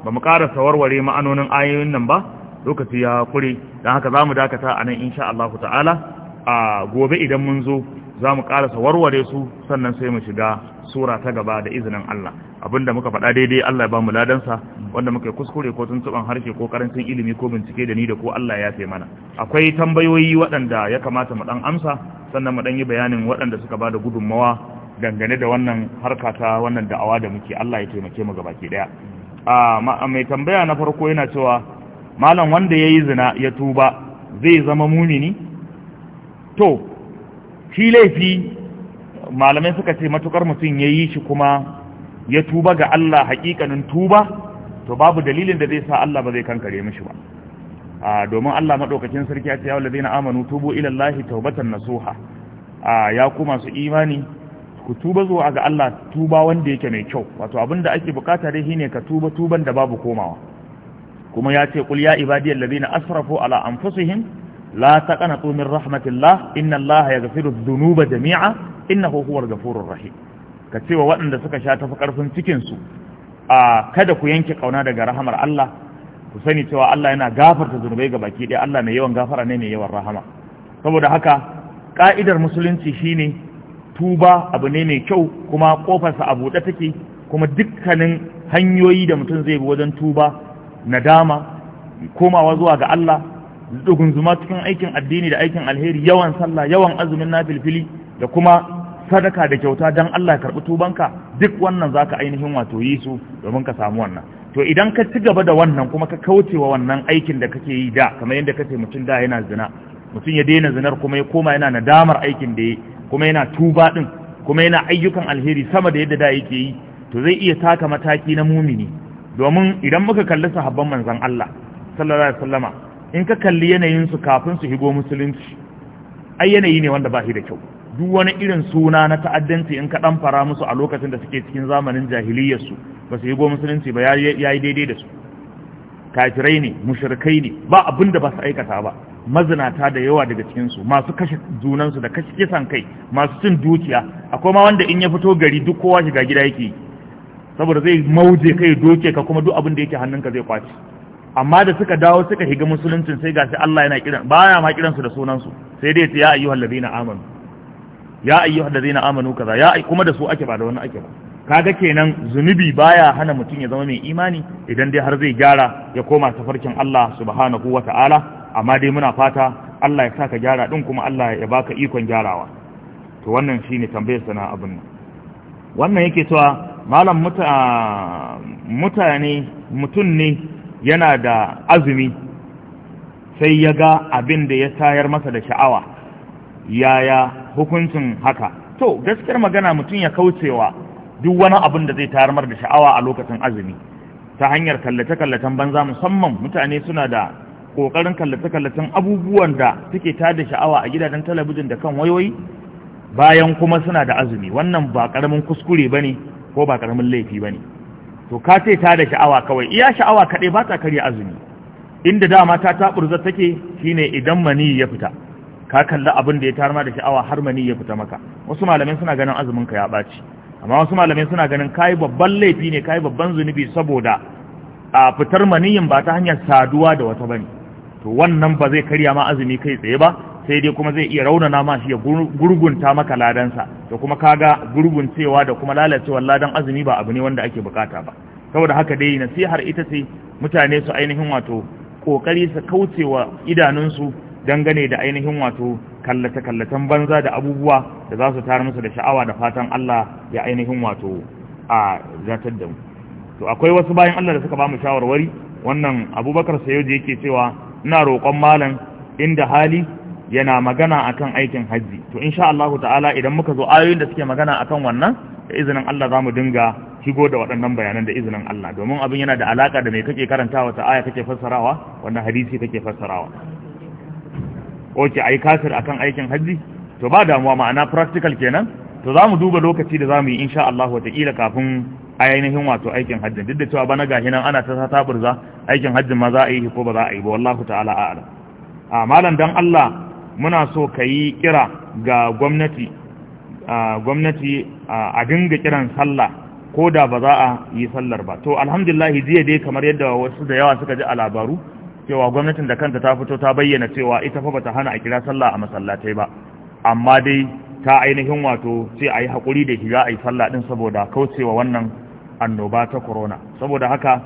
ba mu ƙarasa warware ma'anonin ayoyin nan ba lokaci ya kure don haka za mu dakata a nan insha Allah ta'ala a gobe idan mun zo za mu ƙarasa warware su sannan sai mu shiga sura ta gaba da izinin Allah abinda muka faɗa daidai Allah ya ba mu ladansa wanda muka kuskure ko tuntuban harshe ko karancin ilimi ko bincike da ni da ko Allah ya sai mana akwai tambayoyi waɗanda ya kamata mu dan amsa sannan mu dan yi bayanin waɗanda suka ba da gudunmawa dangane da wannan harka ta wannan da'awa da muke Allah ya taimake mu gabaki daya a mai tambaya na farko yana cewa malam wanda ya yi zina ya tuba zai zama mumini to shi laifi malamai suka ce matukar mutum ya yi shi kuma ya tuba ga Allah hakikanin tuba to babu dalilin da zai sa Allah ba zai kankare mishi ba domin Allah maɗaukacin sarki ya ce da zai na amanu tubo ilallahi taubatan nasuha ya kuma su imani ku tuba zuwa ga Allah tuba wanda yake mai kyau wato da ake bukata dai shine ka tuba tuban da babu komawa kuma ya ce qul ya ibadiyal ladina asrafu ala anfusihim la taqanatu min rahmatillah inna allaha yaghfiru dhunuba jami'a innahu huwal ghafurur rahim ka cewa waɗanda suka sha tafi karfin cikin su a kada ku yanke kauna daga rahamar Allah ku sani cewa Allah yana gafarta zunubai ga baki ɗaya Allah mai yawan gafara ne mai yawan rahama saboda haka ka'idar musulunci shine tuba abu ne mai kyau kuma kofarsa a buɗe take kuma dukkanin hanyoyi da mutum zai bi wajen tuba nadama komawa zuwa ga Allah dugunzuma cikin aikin addini da aikin alheri yawan sallah yawan azumin nafilfili da kuma sadaka da kyauta don Allah ya karɓi tubanka duk wannan za ka ainihin wato yi su domin ka samu wannan to idan ka ci gaba da wannan kuma ka kauce wa wannan aikin da kake yi da kamar yadda kace mutum da yana zina mutum ya daina zinar kuma ya koma yana nadamar aikin da ya kuma yana tuba din kuma yana ayyukan alheri sama da yadda da yake yi to zai iya taka mataki na mumini domin idan muka kalli sahabban manzon Allah sallallahu alaihi wasallama in ka kalli yanayin su kafin su higo musulunci ai yanayi ne wanda ba shi da kyau duk wani irin suna na ta'addanci in ka dan fara musu a lokacin da suke cikin zamanin jahiliyyar su ba su yi go musulunci ba yayi daidai da su kafirai ne mushrikai ne ba abin da ba su aikata ba mazinata da yawa daga cikin su masu kashe junan da kashe kisan kai masu cin dukiya akwai ma wanda in ya fito gari duk kowa shiga gida yake saboda zai mauje kai doke ka kuma duk abin da yake hannunka zai kwaci amma da suka dawo suka higa musuluncin sai gashi Allah yana kiran baya ma kiransu da sunansu, sai dai ya ayyuhal ladina amanu ya zai na amanu kaza ya kuma da su ake ba da wani ake ba kaga kenan zunubi baya hana mutum ya zama mai imani idan dai har zai gyara ya koma tafarkin Allah subhanahu wata'ala amma dai muna fata Allah ya saka gyara din kuma Allah ya baka ikon gyarawa to wannan shine tambayar sana abin nan wannan yake cewa malam mutane mutum ne yana da azumi sai ya ga abin da ya tayar masa da sha'awa yaya hukuncin haka to gaskiyar magana mutum ya kaucewa duk wani abin da zai tarmar da sha'awa a lokacin azumi ta hanyar kallace-kallacen banza musamman mutane suna da kokarin kallace-kallacen abubuwan da suke tada sha'awa a gidajen talabijin da kan wayoyi bayan kuma suna da azumi wannan ba karamin kuskure ba ne ko ba karamin laifi ba ne, to ka ce tada sha'awa kawai iya sha'awa kaɗai ba ta karya azumi inda dama ta taɓurza take shine idan mani ya fita ka kalli abin da ya tarma da sha'awa har mani ya fita maka wasu malamai suna ganin azumin ya ɓaci amma wasu malamai suna ganin kai babban laifi ne kai babban zunubi saboda a fitar maniyin ba ta hanyar saduwa da wata bane to wannan ba zai karya ma azumi kai tsaye ba sai dai kuma zai iya raunana ma shi ya gurgunta maka ladansa To kuma kaga gurguncewa da kuma lalacewar ladan azumi ba abu ne wanda ake bukata ba saboda haka dai nasihar ita ce mutane su ainihin wato kokari su kaucewa idanunsu dangane da ainihin wato kallace-kallacen banza da abubuwa da za su tara musu da sha'awa da fatan Allah ya ainihin wato a zatar da mu to akwai wasu bayan Allah da suka ba mu shawarwari wannan abubakar da yake cewa ina roƙon malam inda hali yana magana akan aikin hajji to insha Allah ta'ala idan muka zo ayoyin da suke magana akan wannan da izinin Allah za mu dinga shigo da waɗannan bayanan da izinin Allah domin abin yana da alaka da me kake karantawa ta aya kake fassarawa wannan hadisi kake fassarawa oke a yi kafir akan aikin hajji to ba damuwa ma'ana practical kenan to za mu duba lokaci da za mu yi insha Allah wataƙila kafin ainihin wato aikin hajjin duk da cewa bana gahi nan ana ta burza aikin hajjin ma za a yi ko ba za a yi ba wallahu ta'ala a'ala a malam dan Allah muna so ka yi kira ga gwamnati gwamnati a dinga kiran sallah ko da ba za a yi sallar ba to alhamdulillah jiya dai kamar yadda wasu da yawa suka ji a labaru cewa gwamnatin da kanta ta fito ta bayyana cewa ita fa bata hana a kira sallah a masallatai ba amma dai ta ainihin wato sai a yi haƙuri da shiga a yi sallah ɗin saboda kaucewa wannan annoba ta corona saboda haka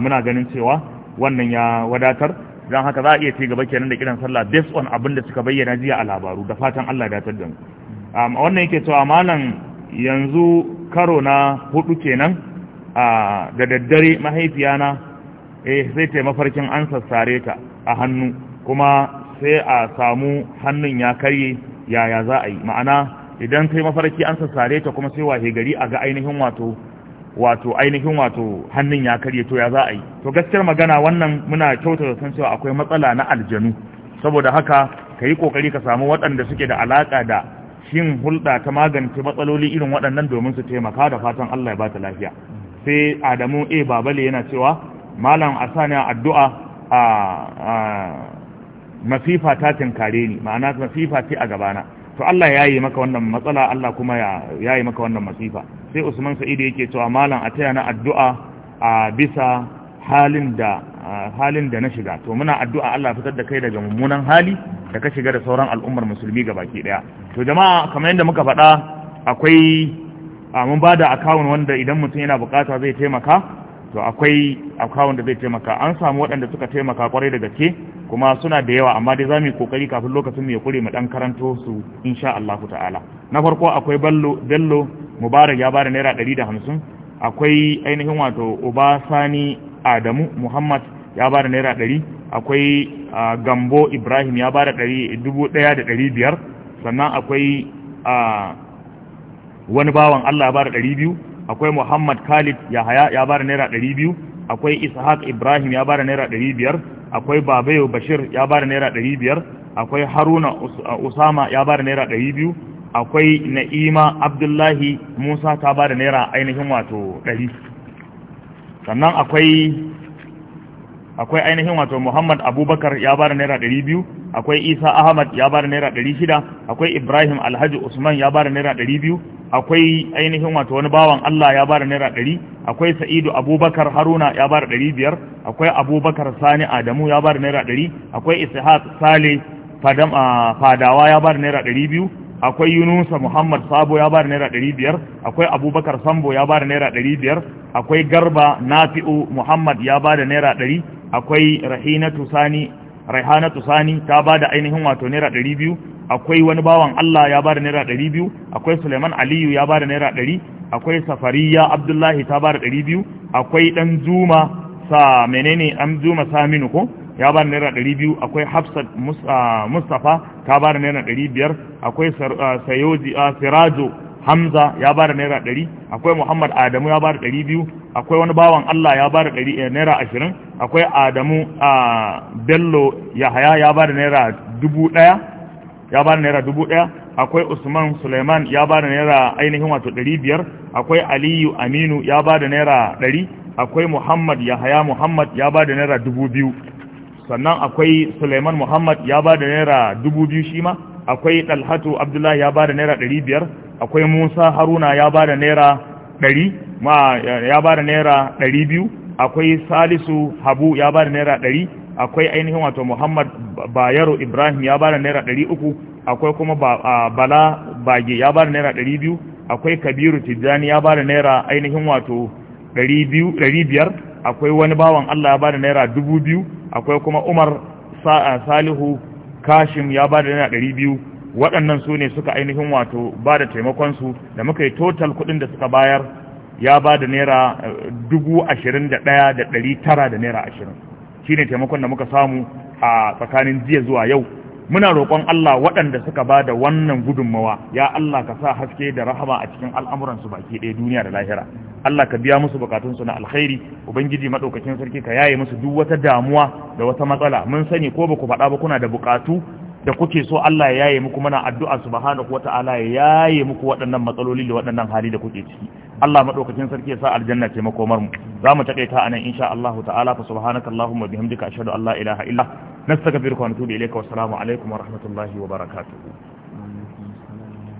muna ganin cewa wannan ya wadatar don haka za a iya ci gaba kenan da kiran sallah based on abin da suka bayyana jiya a labaru da fatan Allah ya datar da mu wannan yake cewa malam yanzu karo na hudu kenan da daddare mahaifiyana eh zai ta mafarkin an sassare ta a hannu kuma sai a samu hannun ya karye yaya za a yi ma'ana idan sai mafarki an sassare ta kuma sai wahe gari a ga ainihin wato wato ainihin wato hannun ya karye to ya za a yi to gaskiyar magana wannan muna kyauta san cewa akwai matsala na aljanu saboda haka ka yi kokari ka samu waɗanda suke da alaƙa da shin hulɗa ta magance matsaloli irin waɗannan domin su taimaka da fatan Allah ya ba ta lafiya sai Adamu A eh, Babale yana cewa malam a sani addu'a a masifa ta tinkare ni ma'ana masifa ce a gabana to Allah ya yi maka wannan matsala Allah kuma ya yi maka wannan masifa sai usman sa'idu yake cewa malam a taya na addu'a a bisa halin da na shiga to muna addu'a Allah fitar da kai daga mummunan hali da ka shiga da sauran al'ummar musulmi baki daya to jama'a kamar yadda muka faɗa akwai mun ba da akawun wanda idan mutum yana bukata zai taimaka to akwai akawun da zai taimaka an samu waɗanda suka taimaka kwarai da gaske kuma suna da yawa amma dai za mu yi kokari kafin lokacin mu ya kure mu dan karanto su insha Allahu ta'ala na farko akwai ballo bello mubarak ya bada naira 150 akwai ainihin wato obasani adamu muhammad ya bada naira 100 akwai gambo ibrahim ya bada 1500 sannan akwai wani bawan Allah ya bada 200 akwai muhammad khalid yahaya ya bada naira ɗari biyu akwai ishaq ibrahim ya bada naira ɗari biyar akwai babayo bashir ya bada naira ɗari biyar akwai haruna uh, usama ya bada naira ɗari biyu akwai na'ima abdullahi musa ta bada naira ainihin wato ɗari sannan akwai akwai ainihin wato muhammad abubakar ya bada naira ɗari biyu akwai isa ahmad ya bada naira ɗari shida akwai ibrahim alhaji usman ya bada naira ɗari biyu akwai ainihin wato wani bawan Allah ya bada naira ɗari akwai sa'idu abubakar haruna ya bada ɗari biyar akwai abubakar sani adamu ya bada naira ɗari akwai ishaq sale fadawa ya bada naira ɗari biyu akwai yunusa muhammad sabo ya bada naira ɗari biyar akwai abubakar sambo ya bada naira ɗari biyar akwai garba nafi'u muhammad ya bada naira ɗari akwai rahinatu sani raihana tusani ta ba da ainihin wato naira ɗari biyu akwai wani bawan allah ya ba da naira ɗari biyu akwai suleiman aliyu ya ba da naira ɗari akwai safariya abdullahi ta ba da ɗari biyu akwai ɗan zuma sa menene ɗan zuma saminu ko ya ba da naira ɗari biyu akwai hafsat ah, mustapha ta ba da naira ɗari biyar akwai ah, ah, sirajo hamza ya ba da naira ɗari akwai muhammad adamu ya ba da ɗari biyu akwai wani bawan allah ya ba da naira ashirin akwai adamu a bello yahaya ya ba da naira dubu ɗaya ya ba da naira dubu ɗaya akwai usman suleiman ya ba da naira ainihin wato ɗari biyar akwai aliyu aminu ya ba da naira ɗari akwai muhammad yahaya muhammad ya ba da naira dubu biyu sannan akwai suleiman muhammad ya ba da naira dubu biyu shi ma akwai ɗalhatu abdullahi ya ba da naira ɗari biyar akwai musa haruna ya ba da naira ɗari ma ya ba da naira ɗari biyu akwai salisu habu ya ba da naira ɗari akwai ainihin wato muhammad bayero ibrahim ya ba da naira ɗari uku akwai kuma bala bage ya ba da naira ɗari biyu akwai kabiru tijjani ya ba da naira ainihin wato ɗari biyar akwai wani bawan allah ya ba da naira dubu biyu akwai kuma umar salihu kashim ya ba da naira ɗari biyu waɗannan su ne suka ainihin wato ba da taimakonsu da muka yi total kuɗin da suka bayar ya ba da naira eh, dubu ashirin da ɗaya da ɗari tara da naira ashirin shi ne taimakon da muka samu a tsakanin jiya zuwa yau muna roƙon Allah waɗanda suka ba da wannan gudunmawa ya Allah ka sa haske da rahama a cikin al'amuransu baki ɗaya duniya da lahira Allah ka biya musu bukatunsu na alkhairi ubangiji madaukakin sarki ka yaye musu duk wata damuwa da wata matsala mun sani ko ba ku faɗa ba kuna da bukatu da kuke so Allah ya yaye muku mana addu'a subhanahu wata'ala ya yaye muku waɗannan matsaloli da waɗannan hali da kuke ciki Allah maɗaukacin sarki ya sa aljanna ce makomar mu zamu takaita anan insha Allah ta'ala fa subhanaka allahumma bihamdika ashhadu an la ilaha illa nastaghfiruka wa natubu ilayka wa assalamu alaikum wa rahmatullahi wa barakatuh